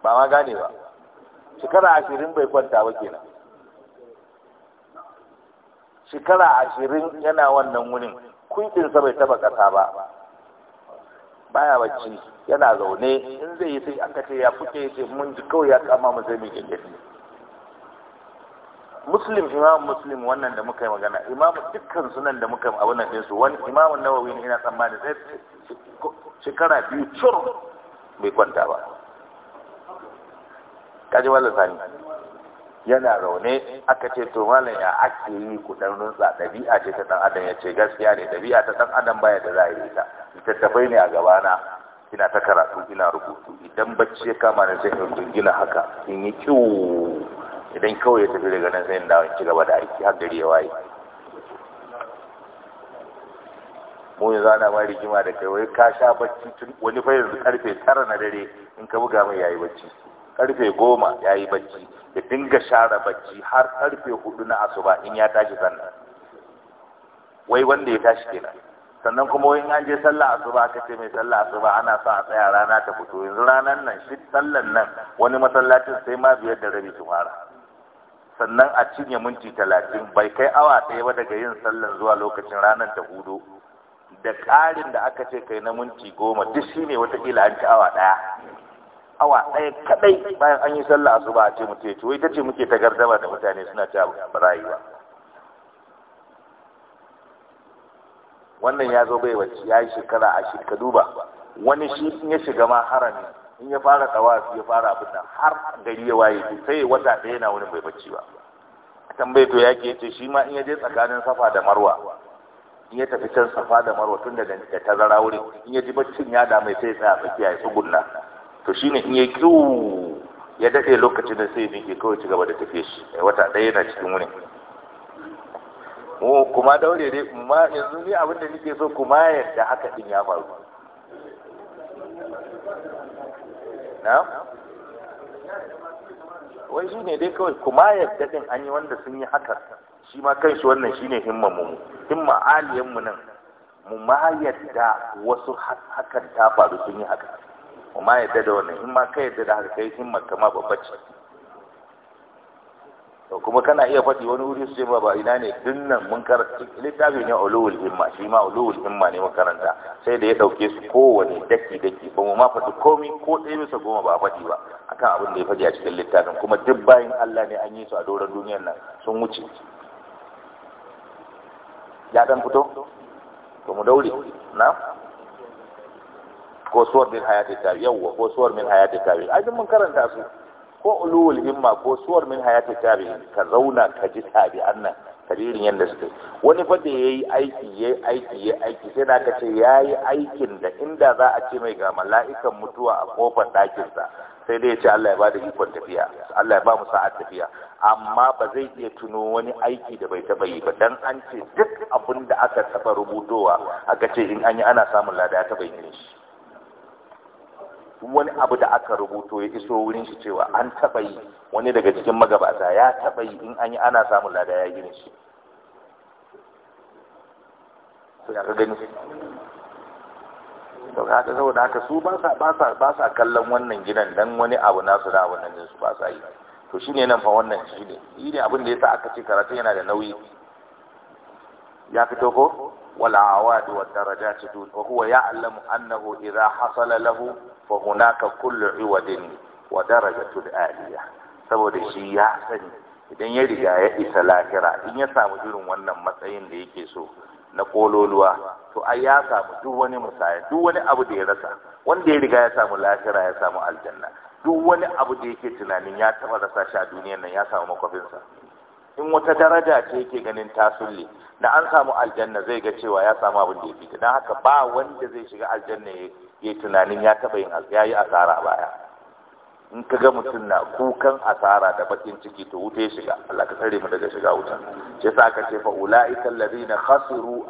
ba ma gane ba shekara ashirin bai kwanta ba kenan shekara ashirin yana wannan wurin kunkinsa bai taba kasa ba baya bacci yana zaune in zai yi sai aka ce ya fuke ce mun ji kawai ya kama mu sai mu gengedi muslim imam muslim wannan da muka yi magana imam dukkan sunan da muka yi abin nan su wani imam nawawi ne ina tsammani sai shekara biyu cur bai kwanta ba kaji wala sani yana raune aka ce to malam ya ake yi ku dan runtsa dabi'a ce ta dan adam ya ce gaskiya ne dabi'a ta dan adam baya da zai yi ta littattafai ne a gaba na ina ta karatu ina rubutu idan bacci ya kama ni sai in gina haka in yi kiwo idan kawai ya tafi daga nan zai in in ci gaba da aiki har gari ya waye mu yi zana ma rigima da kai wai ka sha bacci tun wani fa yanzu karfe tara na dare in ka buga mai yayi bacci karfe goma yayi bacci ya dinga share bacci har karfe hudu na asuba in ya tashi sannan wai wanda ya tashi kenan sannan kuma wai in an je sallah asuba aka ce mai sallah asuba ana sa a tsaya rana ta fito yanzu ranan nan shi sallan nan wani masallacin sai ma biyar da rabi su fara sannan a cinye minti talatin bai kai awa ɗaya ba daga yin sallar zuwa lokacin ranar ta hudu da ƙarin da aka ce kai na minti goma duk shi ne watakila an ci awa ɗaya awa ɗaya kaɗai bayan an yi sallah zuba a ce mutu ya wai ta ce muke ta gardama da mutane suna ci ba rayuwa wannan ya zo bai wacce ya yi shekara a shekaru ba wani shi in ya shiga ma harami in ya fara su ya fara abin nan har gari ya waye to sai wata ɗaya yana wurin bai bacci ba tambaye to ke ce shi ma in ya je tsakanin safa da marwa in ya tafi can safa da marwa tun daga da tazara wurin in ya ji baccin ya dame sai ya tsaya tsakiya ya tsugunna to shi ne in ya kiwu ya daɗe lokacin da sai ya ke kawai ci gaba da tafiye shi wata ɗaya yana cikin wurin kuma daure dai kuma yanzu ni abin da nake so kuma yadda haka din ya faru na wai shi ne dai kawai kuma yadda din an yi wanda sun yi haka shi ma kan shi wannan shi ne himma mu himma aliyan mu nan mu ma yadda wasu hakan ta faru sun yi haka mu ma yadda da wannan himma kai yadda da haka kai himma kama babbace to kuma kana iya faɗi wani wuri su ce ba ba ina ne dinnan mun karanta littafi ne ulul himma shi ma ulul himma ne mun karanta sai da ya dauke su kowane daki daki ba mu ma faɗi komai ko ɗaya bisa goma ba a faɗi ba akan abin da ya faɗi a cikin littafin kuma duk bayan Allah ne an yi su a doron duniyar nan sun wuce ya dan fito to mu daure na ko suwar min hayati tabi yawwa ko suwar min hayati tabi ai mun karanta su ko ulul himma ko suwar min hayati tabi ka zauna ka ji tabi'an nan Kabirin yadda suke wani fa da yayi aiki yayi aiki yayi aiki sai da ce yayi aikin da inda za a ce mai ga mala'ikan mutuwa a kofar dakinsa sai dai ya ce Allah ya bada ikon tafiya Allah ya ba mu sa'a tafiya amma ba zai iya tuno wani aiki da bai taba yi ba dan an ce duk abin da aka taɓa rubutowa aka ce in an yi ana samun lada ya taɓa yin shi wani abu da aka rubuto ya iso wurin shi cewa an taɓa yi wani daga cikin magabata ya taɓa yi in an yi ana samun lada ya gina shi haka saboda haka su ba sa kallon wannan gidan dan wani abu nasu da wannan su ba sa yi to shine nan fa wannan shine ne abin da yasa aka ce karatu yana da nauyi ya fito ko والعواد والدرجات دون وهو يعلم أنه إذا حصل له فهناك كل عوض ودرجة آلية saboda shi ya sani idan ya riga ya isa lahira in ya samu irin wannan matsayin da yake so na kololuwa to ai ya samu duk wani musaya duk wani abu da ya rasa wanda ya riga ya samu lahira ya samu aljanna duk wani abu da yake tunanin ya taba rasa shi a duniyar nan ya samu makwafinsa in wata daraja ce yake ganin tasulli da an samu aljanna zai ga cewa ya samu abin da ya fita don haka ba wanda zai shiga aljanna ya yi tunanin ya taɓa yin ya yi asara a baya in ka ga mutum na kukan asara da bakin ciki to wuta ya shiga Allah ka tsare mu daga shiga wuta shi sa ka ce fa ulaika allazina khasiru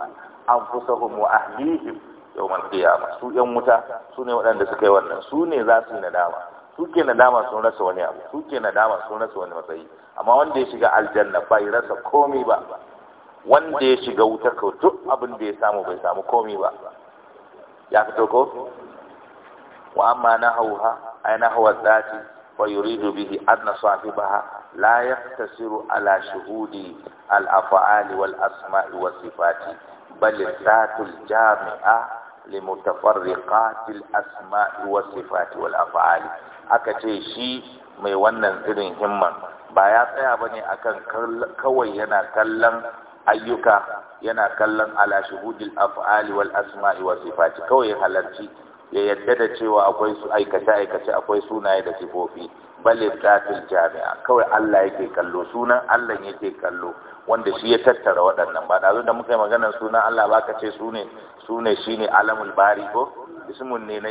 anfusahum wa ahlihim yawmal qiyamah su yan wuta su ne waɗanda suka yi wannan su ne za su yi nadama ke nadama sun rasa wani abu ke nadama sun rasa wani matsayi amma wanda ya shiga aljanna ba ya rasa komai ba wanda ya shiga wuta ko duk abin da ya samu bai samu komai ba ya fito ko wa amma nahawha ay nahwa dhati wa yuridu bihi adna sahibaha la yaktasiru ala shuhudi al af'ali wal asma'i was sifati bal jami'a limutafarriqati al asma'i was sifati wal af'ali aka ce shi mai wannan irin himman ba ya tsaya ba ne akan kawai yana kallon ayyuka yana kallon ala shuhudil af'ali wal asma'i wa sifati kawai halarci ya yadda da cewa akwai su aikace aikace akwai sunaye da sifofi bale tatil jami'a kawai Allah yake kallo sunan Allah yake kallo wanda shi ya tattara waɗannan ba da da muka yi maganar sunan Allah ba ka ce sune sune shine alamul bari ko ismun ne na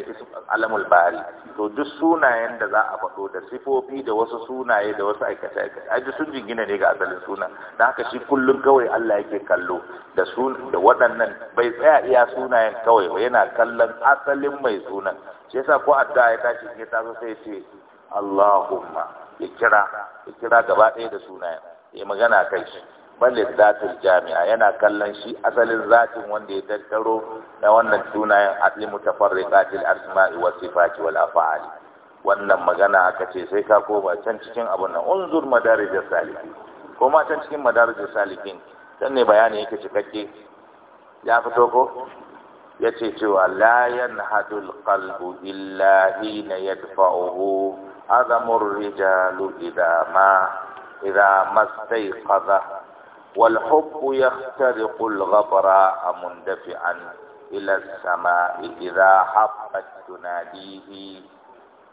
alamul bari to duk sunayen da za a faɗo da sifofi da wasu sunaye da wasu aikace aikace ai sun jingina ne ga asalin suna. dan haka shi kullum kawai Allah yake kallo da sun da waɗannan bai tsaya iya sunayen kawai ba yana kallon asalin mai suna. shi yasa ko addu'a ya tashi ya taso sai ce Allahumma ya kira ya kira gaba ɗaya da sunayen ya magana kai shi balin zatin jami'a yana kallon shi asalin zatin wanda ya tattaro na wannan sunayen atli mutafarriqatil asma'i was sifati wal af'ali wannan magana aka ce sai ka koma can cikin abun nan unzur madarijus salikin koma can cikin madarijus salikin dan ne bayani yake cikakke ya fito ko yace cewa la yanhadul qalbu illa hina yadfa'uhu azamur rijalu idama idama idza qadha والحب يخترق الغبراء مندفعا إلى السماء إذا حبت تناديه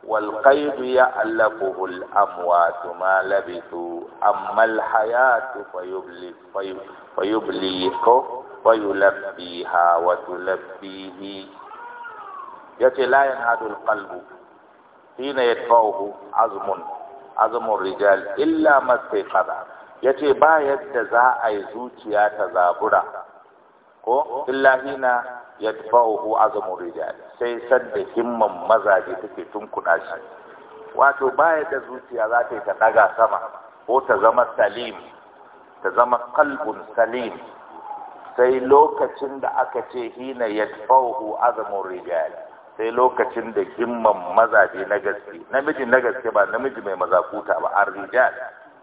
والقيد يألفه الأموات ما لبثوا أما الحياة فيبلي فيبليك ويلبيها وتلبيه يتي لا ينهد القلب حين يدفعه عزم عزم الرجال إلا ما استيقظ ya ce ba yadda za a yi zuciya ta zabura ko illahina ya uku azumin rijal sai sadda himman mazaje take tunkuɗa shi wato ba yadda zuciya za ta yi ta ɗaga sama ko ta zama salim ta zama kalbun salim sai lokacin da aka ce hina ya uku azumin rijal sai lokacin da himman mazaje na gaske namiji na gaske ba namiji mai mazakuta ba an rijal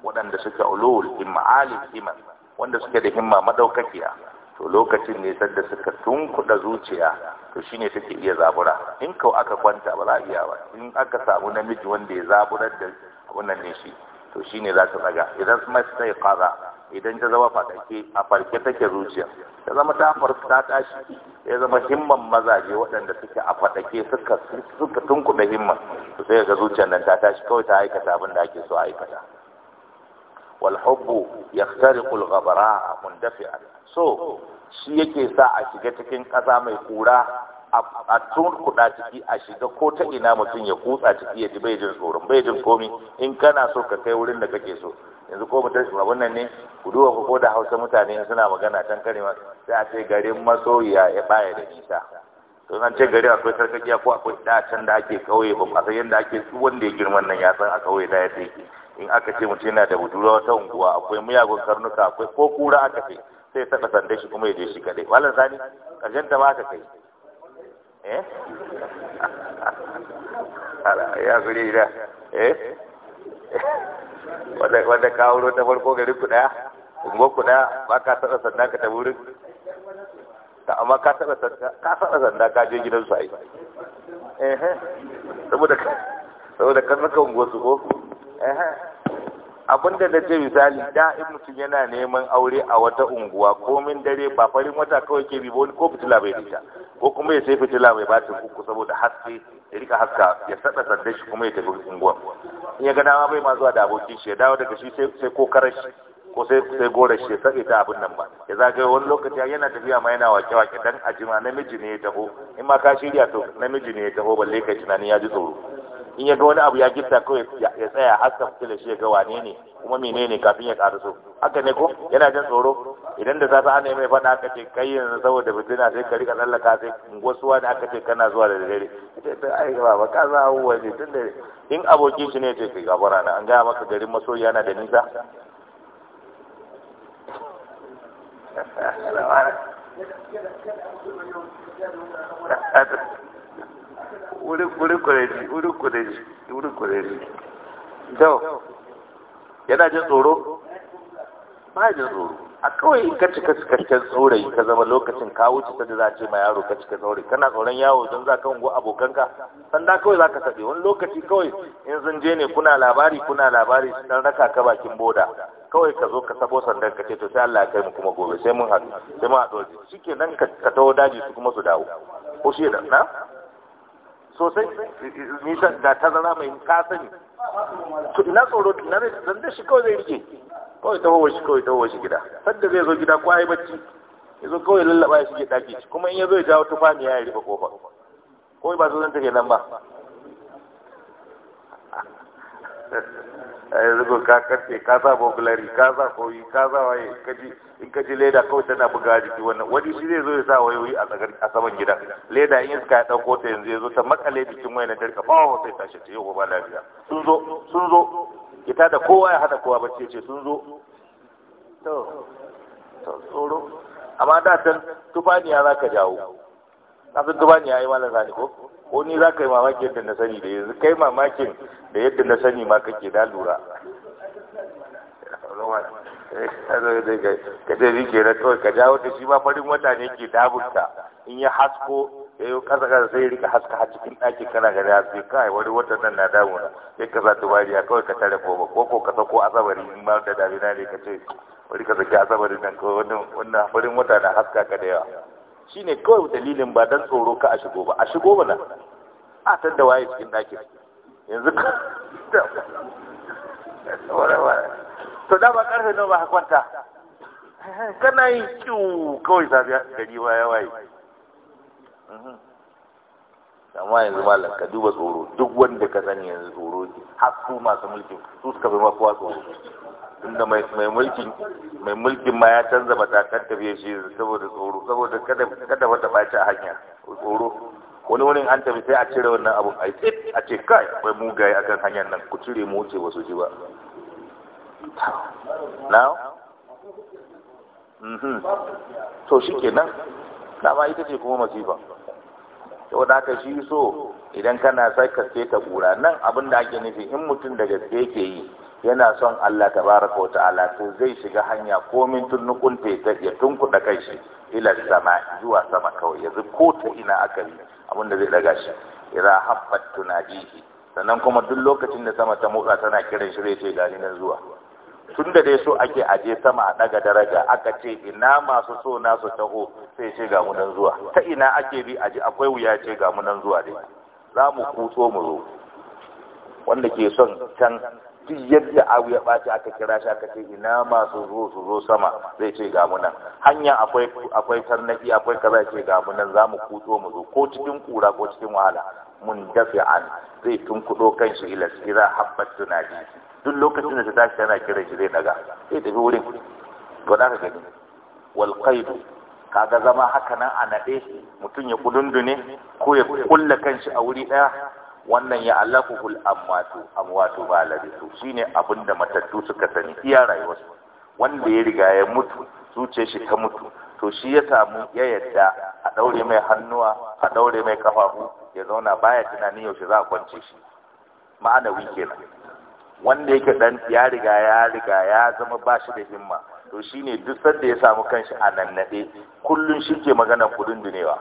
waɗanda suke ulul himma alif himma wanda suke da himma madaukakiya to lokacin ne sadda suka tunkuda zuciya to shine take iya zabura in kau aka kwanta ba za a iya ba in aka samu namiji wanda ya zaburar da wannan ne shi to shine za ta daga idan mai sai qaza idan ta zama fatake a farke take zuciya ta zama ta farka ta tashi ya zama himman mazaje waɗanda suke a fatake suka suka tunkuɗa himman to sai ga zuciyar nan ta tashi kawai ta aikata abin da ake so a aikata والحب يخترق الغبراء مندفعا so shi yake sa a shiga cikin kasa mai kura a tun kuɗa ciki a shiga ko ta ina mutum ya kutsa ciki ya ji bai jin tsoron bai jin komi in kana so ka kai wurin da kake so yanzu ko mutum shi wannan ne ku duba ku da hausa mutane suna magana can kare sai a ce garin masoyiya ya baya da nisa to an ce garin akwai sarkakiya ko akwai can da ake kauye ba a san yadda ake su wanda ya girman nan ya san a kauye da ya yake in aka ce mutum yana da budurwa wata unguwa akwai miyagun karnuka akwai ko kura aka ce sai taɓa sanda shi kuma ya je shi kaɗai malam sani ƙarshen ta ma aka kai eh? ya guri da eh? wanda ka wuro ta farko gari ku ungo ku ba ka taɓa sanda ka ta wurin ta amma ka taɓa sanda ka je gidan su a yi eh, saboda saboda karnuka ungo su ko abinda da ce misali da in mutum yana neman aure a wata unguwa komin dare ba farin wata kawai ke riba wani ko fitila bai da ko kuma ya sai fitila mai bacin kuku saboda haske ya rika haska ya sada sanda shi kuma ya tafi unguwa in ya ga bai ma zuwa da abokin shi ya dawo daga shi sai ko karar shi ko sai sai gora shi sai ta abin nan ba ya zagaye wani lokaci yana tafiya ma yana wake wake dan ajima namiji ne ya taho in ma ka shirya to namiji ne ya taho balle kai tunani ya ji tsoro in ya ga wani abu ya gifta kawai ya tsaya haska fitila shi ya ga wane ne kuma menene kafin ya karu so haka ne ko yana jin tsoro idan da safe ana mai fada aka ce kai yanzu saboda fitina sai ka rika tsallaka sai unguwar ne aka ce kana zuwa da dare ita ta ai ba ba ka za a ne tun da in abokin shi ne ce ka gabara na an gaya maka garin masoyi yana da nisa wurin kureji jau yana jin tsoro ba jin tsoro a kawai ka cika cikakken tsorai ka zama lokacin ka wuce ta da za a ce ma yaro ka cika tsorai kana tsoron yawo don za ka ungo abokanka sanda kawai za ka saɓe wani lokaci kawai in sun je ne kuna labari kuna labari su dan raka ka bakin boda kawai ka zo ka sabo sandan ka ce to sai Allah ya kai mu kuma gobe sai mun haɗu sai mun haɗu shikenan ka taho daji su kuma su dawo ko shi da na sosai nisa da tazara mai ne to ina tsoro na zan da shi kawai zai rike kawai ta hawa shi kawai ta hawa shi gida sadda zai zo gida kwaye bacci ya zo kawai lallaba ya shige daki shi kuma in ya zo ya jawo tufani ya rufe kofa kawai ba su zan take nan ba ko ka karfe ka sa bogulari ka sa koyi ka sa waye in ka ji leda kawai tana buga jiki wannan wani shi zai zo ya sa wayoyi a saman gida leda in iska ya dauko ta yanzu ya zo ta makale jikin wayan ta rika bawa sai tashi ta yau ba lafiya sun zo sun zo ita da kowa ya hada kowa bacci ce sun zo to to tsoro amma da tan tufaniya za ka jawo kafin san tufaniya ya yi malar zani ko ko ni za ka yi mamaki yadda na sani da yanzu kai mamakin da yadda na sani ma kake da lura ka ce rike na kawai ka jawo ta shi ma farin wata ne ke damunka in ya hasko ya yi kasa kasa sai rika haska a cikin ɗakin kana gani haske kai wani watan nan na damuna sai ka sa tubariya kawai ka tare ko ko ko ka sako asabari in ma da damina ne ka ce wani ka saki asabarin nan ko wannan farin wata na haska ka da yawa shine kawai dalilin ba don tsoro ka a shigo ba a shigo ba na a tan da waye cikin ɗakin yanzu ka to da ba karfe nawa ba kwanta kana yi kyau kawai safiya gari waye waye mhm. amma yanzu malam ka duba tsoro duk wanda ka sani yanzu tsoro har su masu mulkin su suka fi makowa tsoro inda mai mulkin mai mulkin ma ya canza matakan tafiye shi saboda tsoro saboda kada kada wata bace a hanya tsoro wani wurin an tafi sai a cire wannan abu a ce a ce kai wai gaya akan hanyar nan ku cire mu wuce wasu ji ba now mhm to shikenan dama ita ce kuma masifa yau da ka shi so idan kana sai ka ta kura nan abin da ake nufi in mutum da gaske yake yi yana son Allah ta baraka wata alatu zai shiga hanya komin tunnukun ta ya tunkuɗa kai shi ila sama zuwa sama kawai yanzu ko ta ina aka yi abin zai daga shi ira habbat tunadihi sannan kuma duk lokacin da sama ta motsa tana kiran shi zai ce gani nan zuwa tun da dai so ake aje sama a ɗaga daraja aka ce ina masu so na su taho sai ce ga mu nan zuwa ta ina ake bi a ji akwai wuya ce ga mu nan zuwa dai za mu kutso mu zo wanda ke son can duk yadda abu ya ɓaci aka kira shi aka ce ina masu zo su zo sama zai ce ga munan. hanya akwai akwai tarnaki akwai kaza ce ga munan. za mu kuto mu zo ko cikin kura ko cikin wahala mun dafe an zai tunkuɗo kan shi ila kira habbat tunadi duk lokacin da ta tashi tana kiran shi zai daga zai tafi wurin to da ka gani wal qaidu kaga zama haka nan a naɗe mutum ya kudundune ko ya kulla shi a wuri ɗaya wannan ya alakuhul amwatu amwatu ba bisu shine abinda matattu suka sani iya rayuwarsu wanda ya riga ya mutu zuce shi ta mutu to shi ya samu ya yadda a daure mai hannuwa a daure mai kafafu ya zauna baya tunanin yaushe za a kwance shi wike na wanda yake dan ya riga ya riga ya zama bashi da himma to shine duk sanda ya samu kanshi a nannade kullun shi ke magana kudin dunewa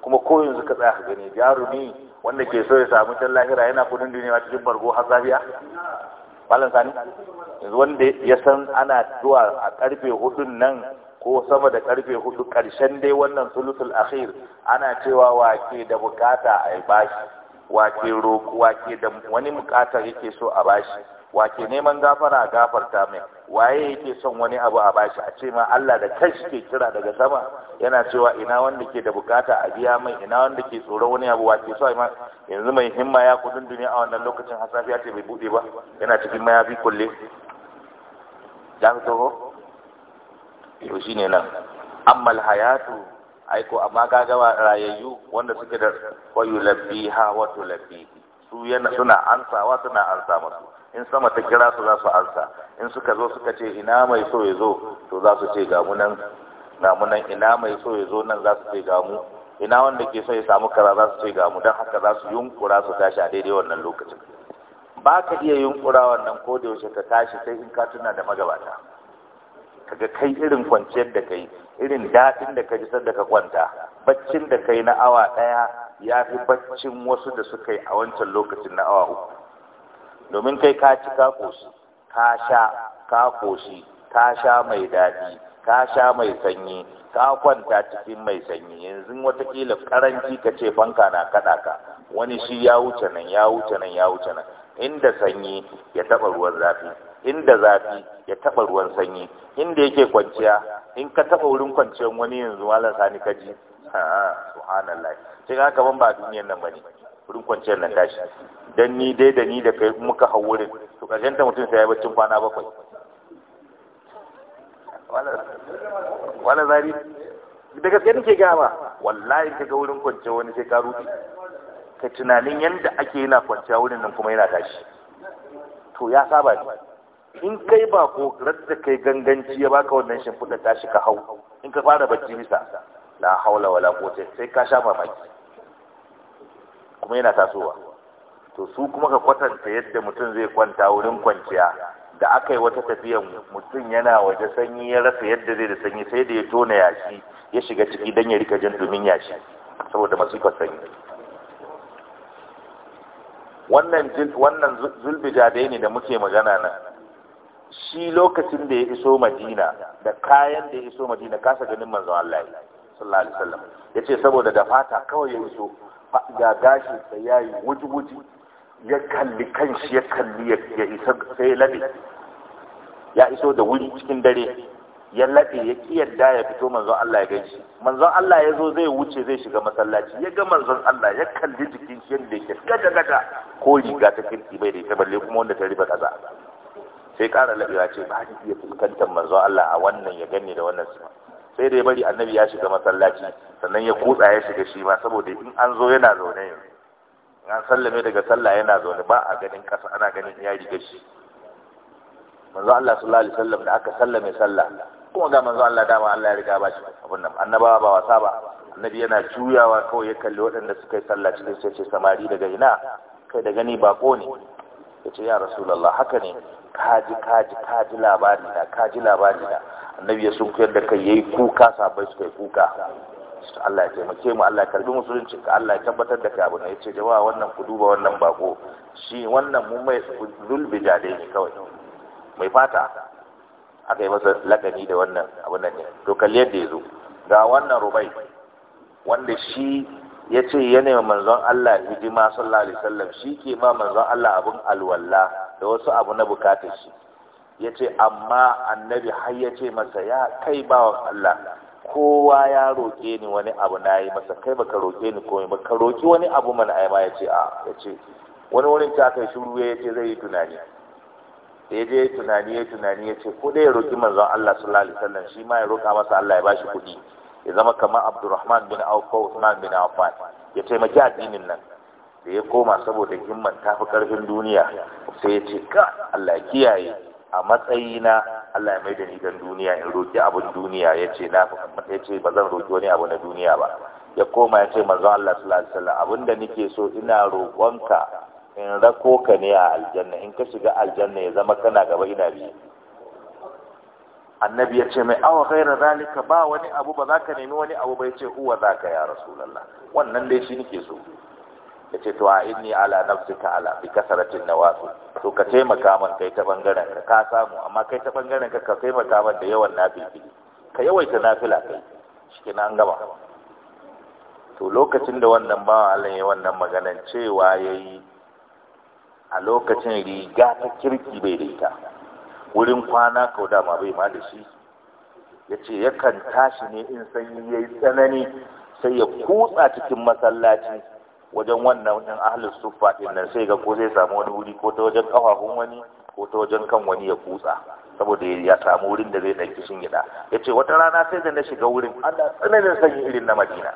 kuma ko yanzu ka tsaya ka gani jarumi wanda ke so ya samu can lahira yana kudin duniya cikin bargo har zafiya malam sani wanda ya san ana zuwa a karfe hudun nan ko sama da karfe hudu karshen dai wannan sulusul akhir ana cewa wake da bukata a bashi wake roƙo wake da wani bukatar yake so a bashi wake neman gafara gafarta mai waye yake son wani abu a bashi a ce ma Allah da kashi ke kira daga sama yana cewa ina wanda ke da bukata a biya mai ina wanda ke tsoron wani abu Wace so ma yanzu mai himma ya kudin duniya a wannan lokacin hasafi ya ce bai bude ba yana cikin mayafi kulle ya fito to shine nan ammal hayatu aiko amma kaga rayayyu wanda suke da wayu labbiha wa tulabbi su yana suna ansawa suna ansa masu in sama ta kira su za su ansa in suka zo suka ce ina mai so ya zo to za su ce gamu nan nan ina mai so ya zo nan za su ce mu ina wanda ke so ya samu kaza za su ce gamu don haka za su yunkura su tashi a daidai wannan lokacin ba ka iya yunkura wannan ko da yaushe ka tashi sai in ka tuna da magabata kaga kai irin kwanciyar da kai irin daɗin da ka ji sanda ka kwanta baccin da kai na awa ɗaya ya fi baccin wasu da suka yi a wancan lokacin na awa uku domin kai ka ci ka koshi ka sha ka ka sha mai daɗi ka sha mai sanyi ka kwanta cikin mai sanyi yanzu watakila karanci ka ce fanka na kaɗa ka wani shi ya wuce nan ya wuce nan ya wuce nan inda sanyi ya taɓa ruwan zafi inda zafi ya taɓa ruwan sanyi inda yake kwanciya in ka taɓa wurin kwanciyar wani yanzu malam sani kaji subhanallah kin haka ban ba duniyar nan bane kudin kwanciyar nan tashi dan ni dai da ni da kai muka hau wurin to kashin ta mutum sai ya baccin kwana bakwai wala zari da gaske nake ga ba. wallahi ka ga wurin kwance wani sai ka rufe ka tunanin yanda ake yana kwanciya wurin nan kuma yana tashi to ya saba ne in kai ba ko da kai ganganci ya baka wannan shimfiɗa tashi ka hau in ka fara bacci bisa la haula wala quwwata sai ka sha mamaki kuma yana tasowa to su kuma ka kwatanta yadda mutum zai kwanta wurin kwanciya da aka yi wata tafiyan mutum yana waje sanyi ya rasa yadda zai da sanyi sai da ya tona yashi ya shiga ciki don ya rika jin domin yashi saboda masifar sanyi wannan wannan dai ne da muke magana nan shi lokacin da ya iso madina da kayan da ya iso madina kasa ganin manzon Allah sallallahu alaihi wasallam yace saboda da fata kawai ya iso ga gashin sa yi wuji wuji ya kalli kanshi ya kalli ya isa sai ya labe ya iso da wuri cikin dare ya laɗe ya ki yadda ya fito manzon Allah ya gan manzon Allah ya zo zai wuce zai shiga masallaci ya ga manzon Allah ya kalli jikin shi yadda yake gada gada ko riga ta kirki bai da ita balle kuma wanda ta riba kaza sai ƙara laɓewa ce ba ni iya fuskantar manzon Allah a wannan ya gani da wannan sifa sai da ya bari annabi ya shiga masallaci sannan ya kutsa ya shiga shi ma saboda in an zo yana zaune In an sallame daga sallah yana zaune ba a ganin ƙasa ana ganin ya riga shi manzo Allah sallallahu alaihi wasallam da aka sallame sallah kuma ga manzo Allah dama Allah ya riga ba shi abin nan annabawa ba wasa ba annabi yana juyawa kawai ya kalli waɗanda suka yi sallah cikin sai ce samari daga ina kai da gani bako ne yace ya rasulullah haka ne kaji kaji kaji labari da kaji labari da annabi ya sun koyar da kai yayi kuka sabai suka yi kuka Allah ya taimake mu Allah ya karbi musulunci ka Allah ya tabbatar da kai abu ne yace jama'a wannan ku duba wannan bako shi wannan mun mai zulbija dai ne kawai mai fata aka yi masa lagani da wannan abu nan ne to kalli yadda ya zo ga wannan rubai wanda shi ya ce ya manzon Allah hidima sallallahu alaihi wasallam shi ke ba manzon Allah abun alwala da wasu abu na bukatar shi ya ce amma annabi har ya ce masa ya kai bawan Allah kowa ya roƙe ni wani abu na yi masa kai baka roƙe ni komai ba ka roƙi wani abu mana ai ma ya ce a ya ce wani wurin ta kai shuru ya ce zai yi tunani da ya je tunani ya tunani ya ce ko dai ya roƙi manzon Allah sallallahu alaihi wasallam shi ma ya roƙa masa Allah ya bashi kuɗi ya zama kamar Abdurrahman bin Auf ko Uthman bin Affan ya taimaki addinin nan da ya koma saboda himman tafi karfin duniya sai ya ce ka Allah kiyaye a matsayina Allah ya mai da ni dan duniya in roki abin duniya ya ce na ya ce ba zan roki wani abu na duniya ba ya koma ya ce manzo Allah sallallahu abinda nake so ina roƙonka in rako ka ne a aljanna in ka shiga aljanna ya zama kana gaba ina biyu annabi ya ce mai awa ghaira zalika ba wani abu ba za ka nemi wani abu ba ya ce huwa za ka ya rasulallah wannan dai shi nake so ya ce to a inni ala nafsika ala bi kasaratin nawafi to ka taimaka min kai ta bangaren ka ka samu amma kai ta bangaren ka ka taimaka min da yawan nafili ka yawaita nafila kai shi an gama to lokacin da wannan bawa Allah ya wannan maganan cewa yayi a lokacin riga ta kirki bai da ita wurin kwana ko da ma bai ma da shi ya ce yakan tashi ne in sanyi ya yi tsanani sai ya kutsa cikin masallaci wajen wannan ɗin ahlus suffa ɗin nan sai ga ko zai samu wani wuri ko ta wajen ƙafafun wani ko ta wajen kan wani ya kutsa saboda ya samu wurin da zai ɗauki shin gida ya ce wata rana sai da na shiga wurin da tsananin sanyi irin na madina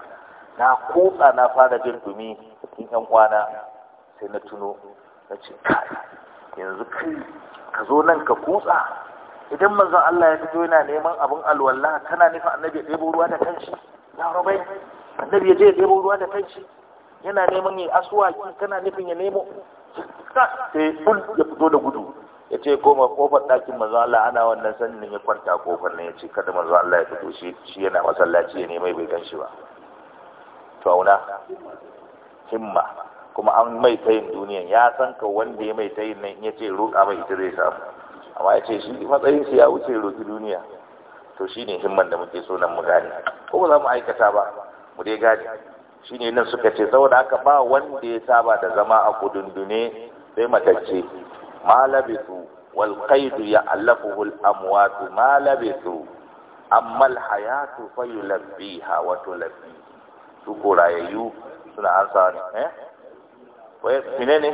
na kutsa na fara jin dumi in yan kwana sai na tuno na ce yanzu kai ka zo nan ka kutsa idan manzon Allah ya fito yana neman abin alwala kana nufin annabi ya ɗebo ruwa da kanshi ya rabai annabi ya je ya ɗebo ruwa da kanshi yana neman yi asuwaki kana nufin ya nemo sai sun ya fito da gudu ya ce koma kofar ɗakin manzo ana wannan sanin ya kwanta kofar ne ya ce kada manzo Allah ya fito shi yana masallaci ya nemai bai shi ba tauna himma kuma an mai tayin duniya, ya san ka wanda ya mai tayin nan ya ce roƙa mai ita zai samu amma ya ce shi matsayin shi ya wuce roƙi duniya to shine himman da muke so nan mu gane ko ba za mu aikata ba mu dai gane shine nan suka ce saboda haka ba wanda ya saba da zama a kudundune sai matacce ma labisu wal qaidu ya'lafuhu al amwat ma labisu amma al hayatu fayulabbiha wa tulabbi su korayayyu suna ansa ne eh wai menene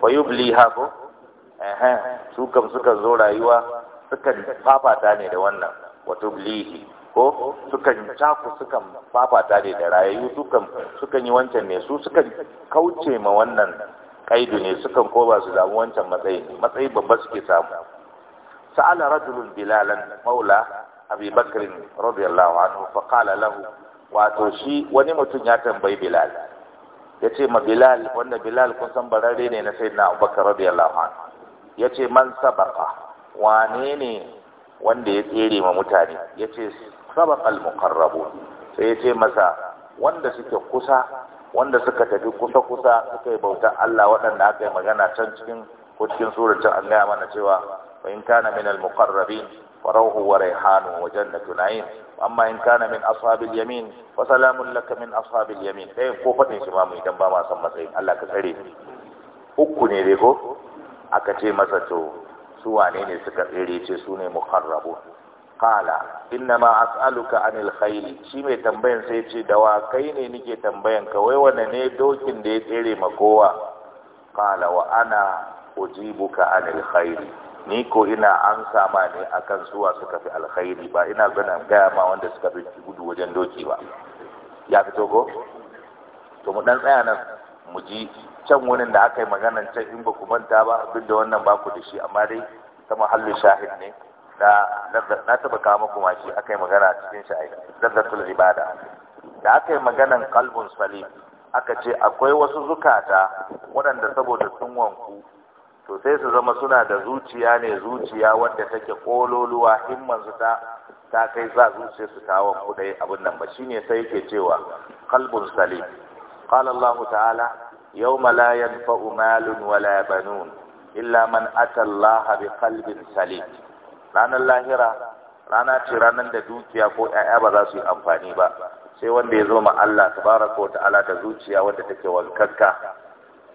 fayubliha ko eh su kam suka zo rayuwa suka fafata ne da wannan wa tublihi ko sukan taku sukan fafata ne da rayayyu sukan sukan yi wancan ne su sukan kauce ma wannan kaidu ne sukan ko ba su damu wancan matsayi ne matsayi babba suke samu sa'ala rajulun bilalan maula abi bakr radiyallahu anhu fa qala lahu wato shi wani mutum ya tambayi bilal ya ce ma bilal wanda bilal kusan bararre ne na sayyidina abubakar radiyallahu anhu ya ce man sabaka wane ne wanda ya tsere ma mutane ya ce sabaqal muqarrabu sai ya ce masa wanda suke kusa wanda suka tafi kusa kusa suka yi bautar Allah waɗanda aka yi magana can cikin ko cikin an Allah mana cewa fa in kana min al muqarrabin fa rawhu wa rayhanu wa jannatu na'im amma in kana min ashabil yamin fa salamun laka min ashabil yamin dai ko fadin shi ma mu idan ba ma san matsayin Allah ka tsare uku ne dai ko aka ce masa to su wane ne suka tsere ce su ne muharrabu qala inna ma as'aluka anil khayli shi mai tambayan sai ce da wa kai ne nike tambayan ka wai wanne ne dokin da ya tsere ma kowa qala wa ana ujibuka anil khayli ni ko ina an sama ne akan suwa suka fi alkhairi ba ina gana gaya ma wanda suka fi gudu wajen doki ba ya fito ko to mu dan tsaya nan mu ji can wurin da aka yi maganan can in ba ku manta ba duk da wannan ba ku da shi amma dai ta mahallin shahid ne na taba kawo muku shi aka yi magana cikin shahid zazzatul ibada da aka yi maganan kalbun salim aka ce akwai wasu zukata waɗanda saboda sun wanku to sai su zama suna da zuciya ne zuciya wadda take kololuwa himman su ta ta kai za zuciya su ta wanku dai abin nan ba shine sai yake cewa kalbun salim qala Allah ta'ala yau la yanfa'u malun wala banun illa man ata Allah bi qalbin salim ranar lahira rana ce ranar da dukiya ko 'ya'ya ba za su yi amfani ba sai wanda ya zo ma Allah tabaraka wa ta'ala da zuciya wadda take wankarka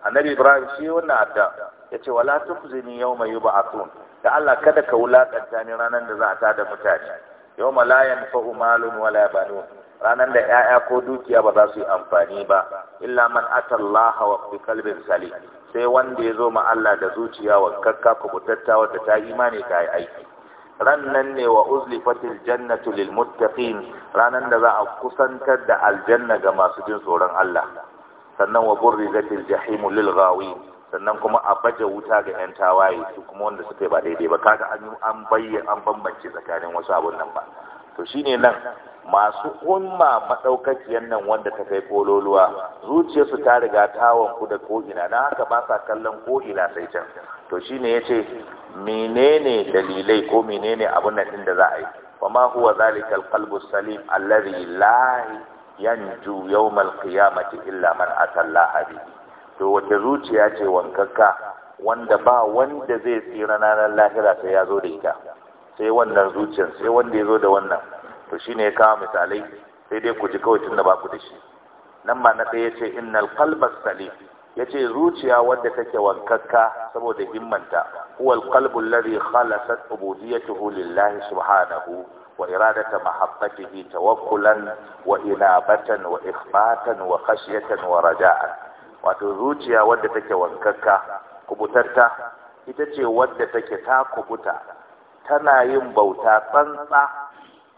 annabi ibrahim shi wannan adda yace wala ba a yub'athun da Allah kada ka wulakanta ne ranar da za a tada mutane ma la yanfa'u wala banun ranar da 'ya'ya ko dukiya ba za su yi amfani ba illa man atallaha wa bi qalbin sai wanda ya zo ma Allah da zuciya wa kakka kubutatta wadda ta imani ta yi aiki rannan ne wa uzlifatil jannatu lil muttaqin da za a kusantar da aljanna ga masu jin tsoron Allah sannan wa burrizatil jahimu lil sannan kuma a baje wuta ga 'yan tawaye su kuma wanda suka yi ba daidai ba kaga an an bayyana an bambance tsakanin wasu abun nan ba to shine nan masu umma maɗaukaciyar nan wanda ta kai kololuwa zuciyarsu ta riga ta wanku da ko'ina na haka ba sa kallon ko'ina sai can to shine ya ce menene dalilai ko menene abin nan da za a yi وما Huwa ذلك القلب Salim الذي لا ينجو يوم القيامة qiyamati illa man الله به to wace zuciya ce wankakka wanda ba wanda zai tsira ranar lahira sai ya zo da ita sai wannan zuciyar sai wanda ya zo da wannan to shine ya kawo misalai sai dai ku ji kawai tun da ba ku da shi nan ma na ɗaya ce innal qalbas salim yace zuciya wadda take wankakka saboda himmanta huwal qalbu alladhi khalasat ubudiyatuhu lillahi subhanahu wa iradata mahabbatihi tawakkulan wa inabatan wa ikhbatan wa khashyatan wa raja'an wato zuciya wadda take wankakka kubutarta ita ce wadda take ta kubuta tana yin bauta tsantsa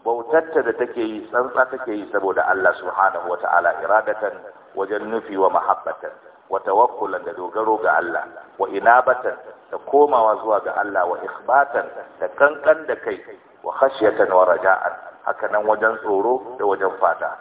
bautarta da take yi tsantsa take yi saboda Allah subhanahu wata'ala iradatan wajen nufi wa mahabbatan wa tawakkulan da dogaro ga Allah wa inabatan da komawa zuwa ga Allah wa ikhbatan da kankan da kai wa khashyatan wa raja'an hakanan wajen tsoro da wajen fata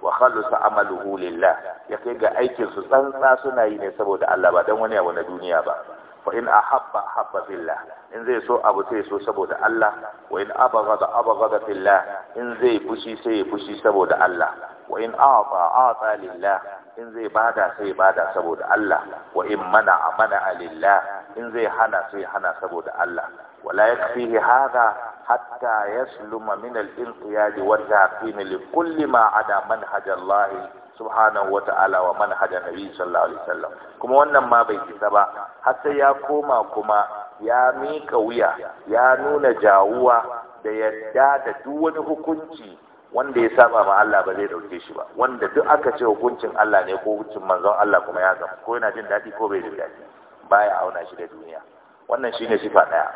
wa khalusa amaluhu lillah ya kai ga aikin su tsantsa suna yi ne saboda Allah ba dan wani abu na duniya ba وإن أحب أحب في الله إن زي سو أبو تي سو سبود الله وإن أبغض أبغض في الله إن زي بشي سي بشي سبود الله وإن أعطى أعطى لله إن زي بادا سي بادا سبود الله وإن منع منع لله إن زي حنا سي حنا سبود الله ولا يكفيه هذا حتى يسلم من الانقياد والتعقيم لكل ما عدا منهج الله subhanahu wa ta'ala wa manhaja nabi sallallahu alaihi wasallam kuma wannan ma bai isa ba har sai ya koma kuma ya mika wuya ya nuna jawuwa da yadda da duk wani hukunci wanda ya saba ma Allah ba zai dauke shi ba wanda duk aka ce hukuncin Allah ne ko hukuncin manzon Allah kuma ya zama? ko yana jin dadi ko bai jin dadi baya auna shi da duniya wannan shine sifa daya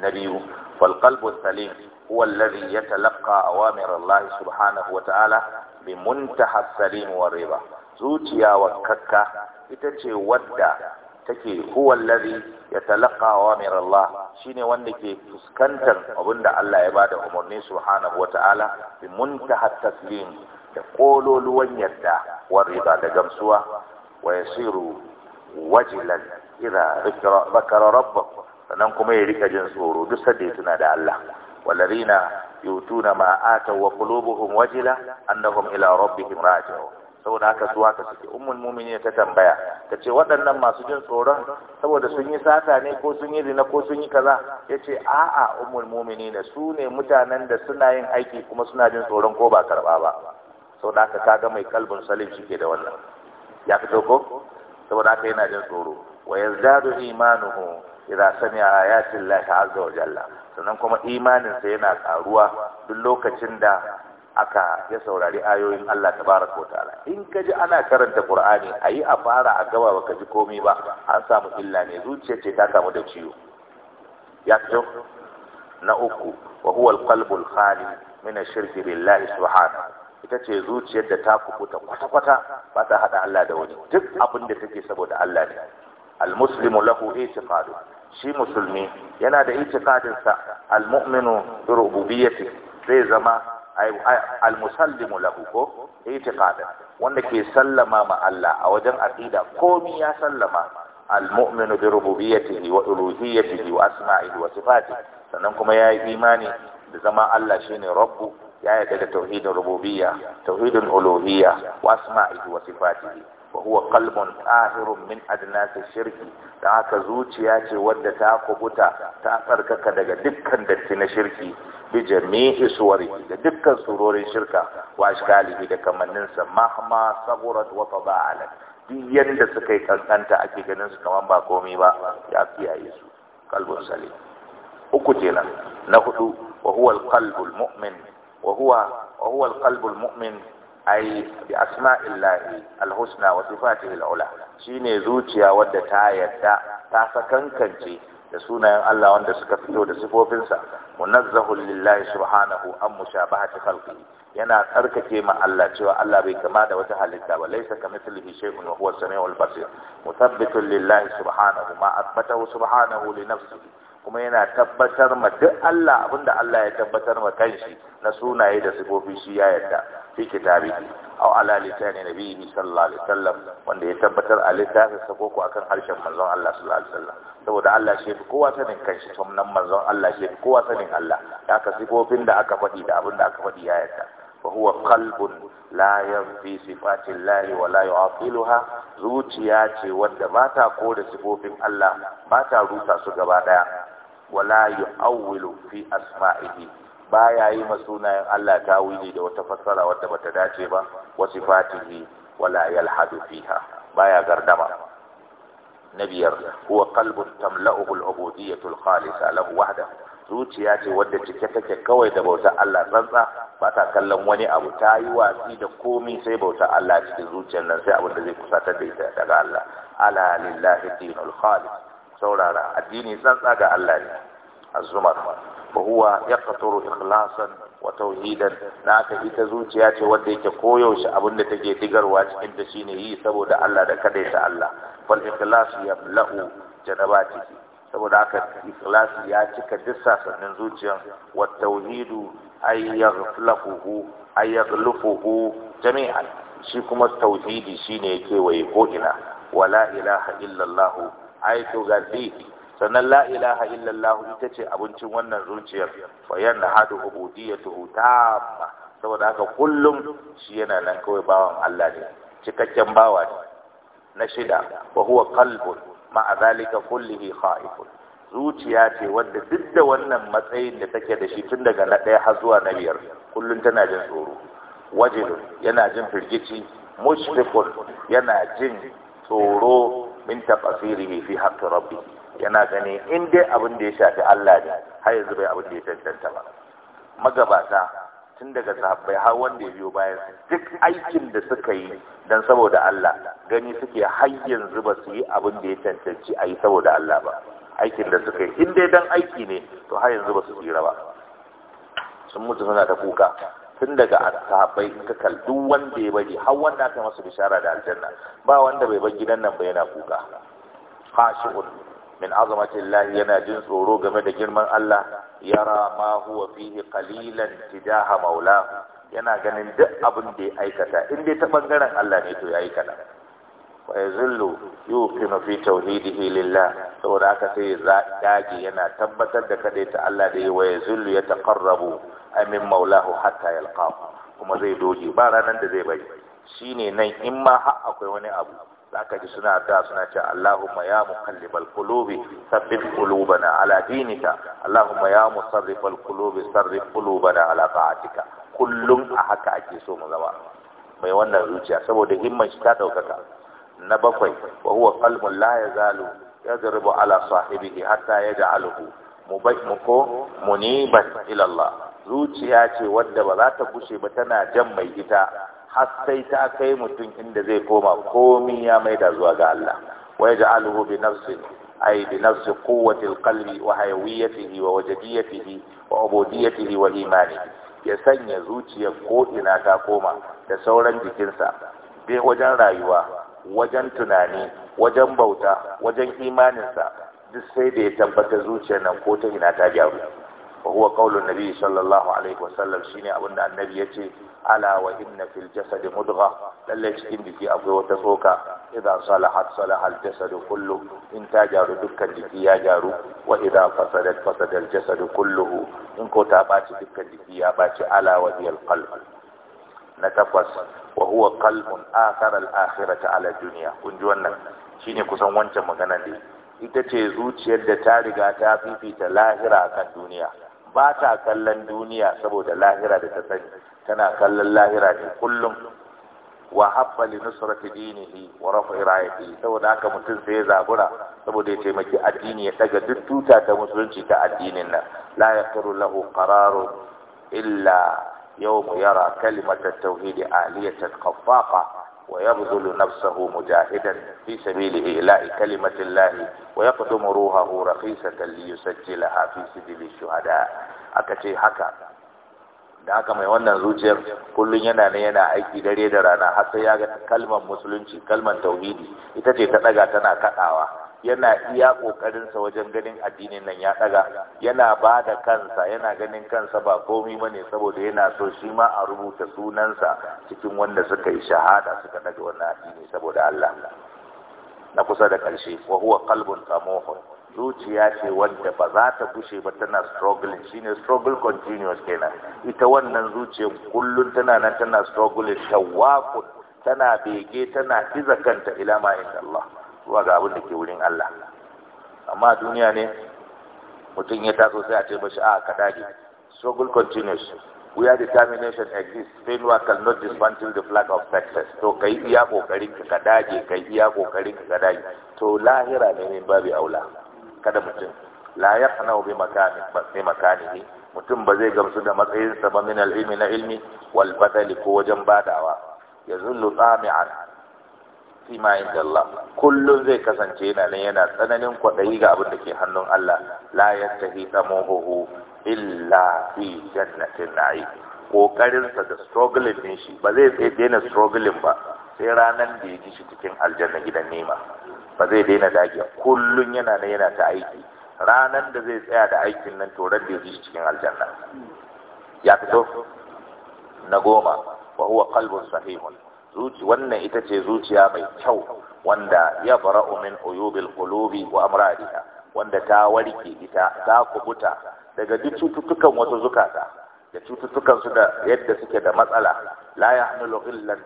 na biyu fal qalbu salim ya talaka yatalaqqa awamir subhanahu wa ta'ala bi muntaha salim wa riba zuciya kakka ita ce wadda take ya allazi wa awamir Allah shine wanda ke fuskantar abinda Allah ya bada umarni subhanahu wataala bi muntaha taslim da kololuwan yadda wa riba da gamsuwa wa yasiru wajilan idza dhakara rabbahu sannan kuma ya rika jin tsoro duk sadda ya tuna da Allah والذين يؤتون ما آتوا وقلوبهم وجلة أنهم إلى ربهم راجعون saboda haka su haka suke ummul mu'minin ta tambaya ce waɗannan masu jin tsoron saboda sun yi sata ne ko sun yi rina ko sun yi kaza yace a'a ummul mu'minin su ne mutanen da suna yin aiki kuma suna jin tsoron ko ba karba ba saboda haka ga mai kalbin salim shike da wannan ya fito ko saboda haka yana jin tsoro wa yazdadu imanuhu idza sami ayati llahi azza wa jalla sannan kuma imaninsa yana ƙaruwa duk lokacin da aka ya saurari ayoyin Allah tabaraka wa ta'ala in ka ji ana karanta Qur'ani ayi a fara a gaba ba ka ji komai ba an samu illa ne zuciya ce ta kamu da ciwo ya fito na uku wa huwa al-qalbul khali min ashirki billahi subhanahu ita ce zuciyar da ta kukuta kwata-kwata ba ta hada Allah da wani duk abin da take saboda Allah ne al-muslimu lahu i'tiqadu shi musulmi yana da itikadinsa almu'minu bi rububiyyati zai zama almusallimu lahu ko itiqadan wanda ke sallama ma Allah a wajen aqida komai ya sallama almu'minu bi rububiyyatihi wa uluhiyyatihi wa asma'ihi wa sifatihi sannan kuma yayi imani da zama Allah shine rabbu ya yarda da tauhidin rububiyya tauhidin uluhiyya wa asma'ihi wa sifatihi wa huwa qalbun tahirun min adnasi shirki da haka zuciya ce wadda ta kubuta ta tsarkaka daga dukkan datti na shirki bi jami'i suwari da dukkan surorin shirka wa ashkalihi da kamannin sa mahma saburat wa taba'alat duk yanda suka kankanta ake ganin su kaman ba komai ba ya kiyaye su qalbun salim uku kenan na hudu wa huwa al mu'min ai bi asma'illahi alhusna wa sifatihi alula shine zuciya wanda ta yadda ta sakankance da sunayen Allah wanda suka fito da sifofinsa munazzahul lillahi subhanahu an mushabahati khalqihi yana tsarkake ma Allah cewa Allah bai kama da wata halitta ba laisa kamithlihi shay'un wa huwa as-sami'ul basir muthabbitun lillahi subhanahu ma athbatahu subhanahu li nafsihi kuma yana tabbatar ma duk Allah abinda Allah ya tabbatar ma kanshi na sunaye da sifofi shi ya yarda fi kitabi aw ala litani nabiyyi sallallahu alaihi wasallam wanda ya tabbatar a littafin sa koko akan harshen manzon Allah sallallahu alaihi wasallam saboda Allah shi fi kowa sanin kanshi to nan manzon Allah shi fi kowa sanin Allah da aka sifofin da aka faɗi da abin da aka faɗi ya yarda fa huwa qalbun la yanfi sifati llahi wa la zuciya ce wanda ba ta kore sifofin Allah ba ta rusa su gaba daya wala yu'awwilu fi asma'ihi baya yi ma sunayen Allah wili da wata fassara wadda bata dace ba wasu sifatihi wala yalhadu fiha baya gardama na biyar huwa qalbun tamla'uhu al khalisa lahu wahda zuciya ce wadda cike take kawai da bauta Allah tsantsa ba ta kallon wani abu ta yi watsi da komai sai bauta Allah cikin zuciyar nan sai abin da zai kusatar da ita daga Allah ala lillahi dinul khalis saurara addini tsantsa ga Allah ne az-zumar huwa yaqturu ikhlasan wa tauhidan na haka ita zuciya ce wanda yake koyaushe abin da take digarwa cikin ta shine yi saboda Allah da kaɗai ta Allah fal ikhlas yamla'u janabatihi saboda haka ikhlas ya cika dissa sannan zuciyan wa tauhidu ay yaghflahu jami'an shi kuma tauhidi shine yake waye ko ina wala ilaha illallah ayatu gadi sannan la ilaha illallah ita ce abincin wannan zuciyar fa yana hadu ubudiyatuhu tamma saboda haka kullum shi yana nan kawai bawan Allah ne cikakken bawa ne na shida wa huwa qalbun ma'a zalika kullihi khaifun zuciya ce wadda duk da wannan matsayin da take da shi tun daga na ɗaya har zuwa na biyar kullum tana jin tsoro wajilun yana jin firgici mushfiqun yana jin tsoro min tafsirihi fi haqqi rabbihi yana gani in dai abin da ya shafi Allah ne har yanzu bai abin da ya cancanta ba magabata tun daga sahabbai har wanda ya biyo bayan duk aikin da suka yi dan saboda Allah gani suke har yanzu ba su yi abin da ya cancanci a yi saboda Allah ba aikin da suka yi in dai dan aiki ne to har yanzu ba su tsira ba sun mutu suna ta kuka tun daga sahabbai in ka kal duk wanda ya bari har wanda aka masa bishara da aljanna ba wanda bai bar gidan nan ba yana kuka hashi'un min azamatillahi yana jin tsoro game da girman Allah yara ma huwa fihi qalilan tijaha maula yana ganin duk abin da ya aikata in dai ta bangaren Allah ne to yayi kada wa yazillu yuqinu fi tauhidihi lillah saboda haka sai ya dage yana tabbatar da kadai ta Allah da ya wa yazillu ya taqarrabu amin maulahu hatta yalqahu kuma zai doge ba ranan da zai bari shine nan in ma har akwai wani abu zaka ji suna da suna ce Allahumma ya muqallibal qulubi sabbit qulubana ala dinika Allahumma ya musarrifal qulubi sarrif qulubana ala ta'atika kullum a haka ake so mu zama mai wannan zuciya saboda himman shi ta daukaka na bakwai wa huwa qalbun la yazalu yadribu ala sahibihi hatta yaj'aluhu mubayyiko muniban ila Allah zuciya ce wadda ba za ta bushe ba tana jan mai ita har sai ta kai mutum inda zai koma komi ya maida zuwa ga Allah wa yaj'aluhu bi nafsi ay bi nafsi quwwati alqalbi wa hayawiyatihi wa wajdiyatihi wa ubudiyatihi wa imani ya sanya zuciyar ko ina ta koma da sauran jikinsa dai wajen rayuwa wajen tunani wajen bauta wajen imaninsa duk sai da ya tabbata zuciyar nan ko ta ina ta gyaru fa huwa qaulun nabi sallallahu alaihi wasallam abin da annabi yace ala wa inna fil jasadi cikin jiki akwai wata soka. idan salahat salaha al jasadu kullu in ta jaru dukkan jiki ya jaru wa idan fasadat fasada al jasadu in ko ta baci dukkan jiki ya baci ala wa bil qalb na takwas wa huwa qalbun akhar al akhirata ala dunya kun ji wannan shine kusan wancan maganar ne. ita ce zuciyar da ta riga ta fifita lahira kan duniya ba ta kallon duniya saboda lahira da ta sani tana kallon lahira ne kullum wa habba li nusrati dinihi wa rafa ra'atihi saboda haka mutum sai ya zabura saboda ya taimaki addini ya daga duk tuta ta musulunci ta addinin nan la yaqtaru lahu qararu illa yawma yara kalimata tauhid aliyatan qaffaqa ويبذل نفسه مجاهدا في سبيل إعلاء كلمة الله ويقدم روحه رخيصة ليسجلها في سبيل الشهداء أكتي حكا da haka mai wannan zuciyar kullum yana ne yana aiki dare da rana har sai ya ga kalmar musulunci kalmar tauhidi ita ce ta daga tana kadawa yana iya ƙoƙarinsa wajen ganin addinin nan ya ɗaga yana ba da kansa yana ganin kansa ba komi bane saboda yana so shi ma a rubuta sunansa cikin wanda suka yi shahada suka ɗaga wannan addini saboda Allah na kusa da ƙarshe wa huwa qalbun tamuhun zuciya ce wanda ba za ta kushe ba tana struggling shine struggle continuous kenan ita wannan zuciya kullun tana nan tana struggling tawaqul tana bege tana iza kanta ila ma Allah zuwa ga abin da ke wurin Allah amma a duniya ne mutum ya taso sai a ce mashi a ah, ka dage struggle continues are determination exists failure cannot dismantle the flag of success to kai iya kokarin ka dage kai iya kokarin ka dage to lahira ne min babu aula kada mutum la yaqna bi makani bi makanihi mutum ba zai gamsu da matsayinsa ba min al-ilmi na ilmi wal badali ko wajen badawa yazullu tsami'an fi ma inda Allah kullum zai kasance yana nan yana tsananin kwaɗayi ga abin da ke hannun Allah la yastahi tamuhu illa fi jannatin na'im sa da struggling din shi ba zai sai daina struggling ba sai ranan da ya ji shi cikin aljanna gidan nema ba zai daina dage kullum yana nan yana ta aiki ranan da zai tsaya da aikin nan to da ya ji shi cikin aljanna ya fito na goma wa huwa qalbun sahihun wannan ita ce zuciya mai kyau wanda ya bara'u min uyubil qulubi wa amradiha wanda ta warke ita ta kubuta daga duk cututtukan wasu zukata da cututtukan su da yadda suke da matsala la yahmilu illan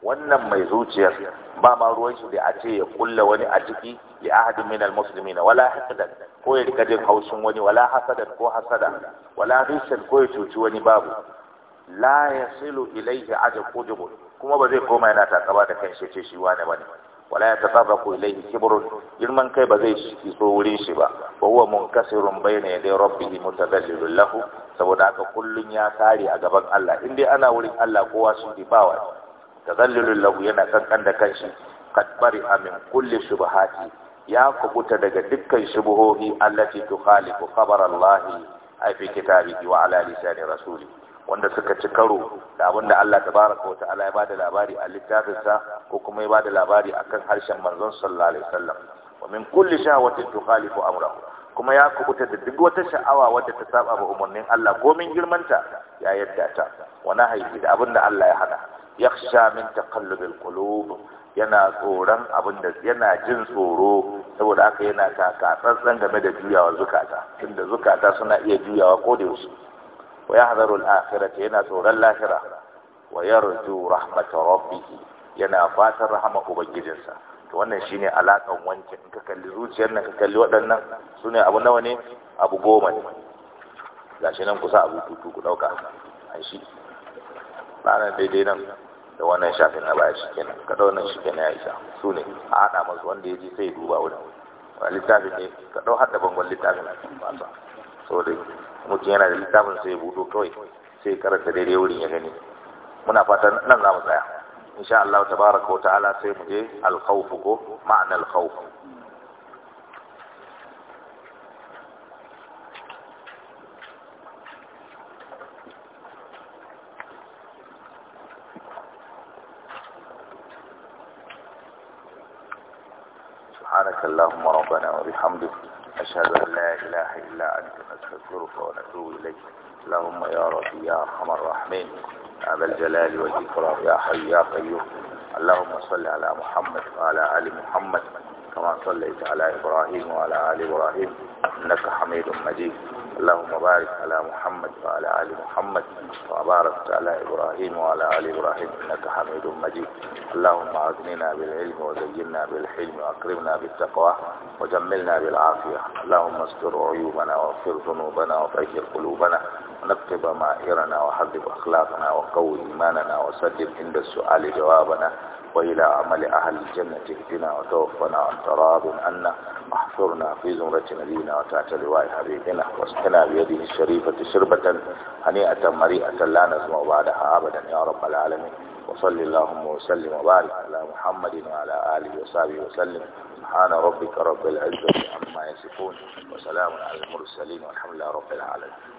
wannan mai zuciyar ba ma ruwan shi da a ce ya kulla wani a ciki li ahadin minal muslimina wala hasadan ko ya rika jin haushin wani wala hasada ko hasada wala rishan ko ya cuci wani babu la yasilu ilayhi ajab ujubun kuma ba zai koma yana takaba da kan shi ce shi wane bane wala ya tasabaqu ilayhi kibrun girman kai ba zai iso wurin shi ba wa huwa munkasirun bayna yaday rabbih mutadallilun lahu saboda haka kullun ya kare a gaban Allah in dai ana wurin Allah kowa sun bi bawa tadallilun lahu yana kankan da kanshi qad a min kulli shubahati ya kubuta daga dukkan shubuhohi allati tukhalifu khabar Allah ay fi kitabihi wa ala lisani wanda suka ci karo da abinda Allah ta wata ala ya bada labari a littafinsa ko kuma ya bada labari a kan harshen manzon sallallahu alaihi wasallam wa min kulli shahawatin tukhalifu amrahu kuma ya kubuta da duk wata sha'awa wadda ta saba ba umarnin Allah ko min girmanta ya yadda ta wa nahayi da abinda Allah ya hana yakhsha min taqallubil qulub yana tsoron da yana jin tsoro saboda haka yana taka tsantsan game da juyawa zukata tunda zukata suna iya juyawa ko da yaushe wa yahzaru al-akhirata yana tsoron lahira wa yarju rahmata rabbih yana fatan rahama ubangijinsa to wannan shine alakan wanke. in ka kalli zuciyar nan ka kalli waɗannan sune abu nawa ne abu goma ne gashi nan kusa abu tutu ku dauka an shi ranar daidai nan da wannan shafin na baya shi kenan ka dau nan shi kenan ya isa su ne a haɗa masu wanda ya ji sai duba wurin littafin ne ka dau haɗa bangon littafin a cikin so dai mutum yana da littafin sai ya buɗo kawai sai ya karanta daidai wurin ya gani muna fatan nan za mu tsaya insha Allah tabaraka wa ta'ala sai mu je al-khawf ko ma'anar khawf ونستغفرك ونتوب إليك اللهم يا ربي يا أرحم الراحمين أبا الجلال والإكرام يا حي يا قيوم اللهم صل على محمد وعلى آل محمد كما صليت على إبراهيم وعلى آل إبراهيم إنك حميد مجيد اللهم بارك على محمد وعلى آل محمد وبارك على إبراهيم وعلى آل إبراهيم إنك حميد مجيد اللهم أغننا بالعلم وزينا بالحلم وأكرمنا بالتقوى وجملنا بالعافية اللهم استر عيوبنا واغفر ذنوبنا وطهر قلوبنا نكتب مائرنا وحذب أخلاقنا وقوي إيماننا وسدد عند السؤال جوابنا وإلى عمل أهل الجنة اهدنا وتوفنا عن تراب أن واحفرنا في زمرة نبينا وتحت لواء حبيبنا واسقنا بيده الشريفة شربة هنيئة مريئة لا نزمع بعدها أبدا يا رب العالمين وصل اللهم وسلم وبارك على محمد وعلى آله وصحبه وسلم سبحان ربك رب العزة عما يصفون وسلام على المرسلين والحمد لله رب العالمين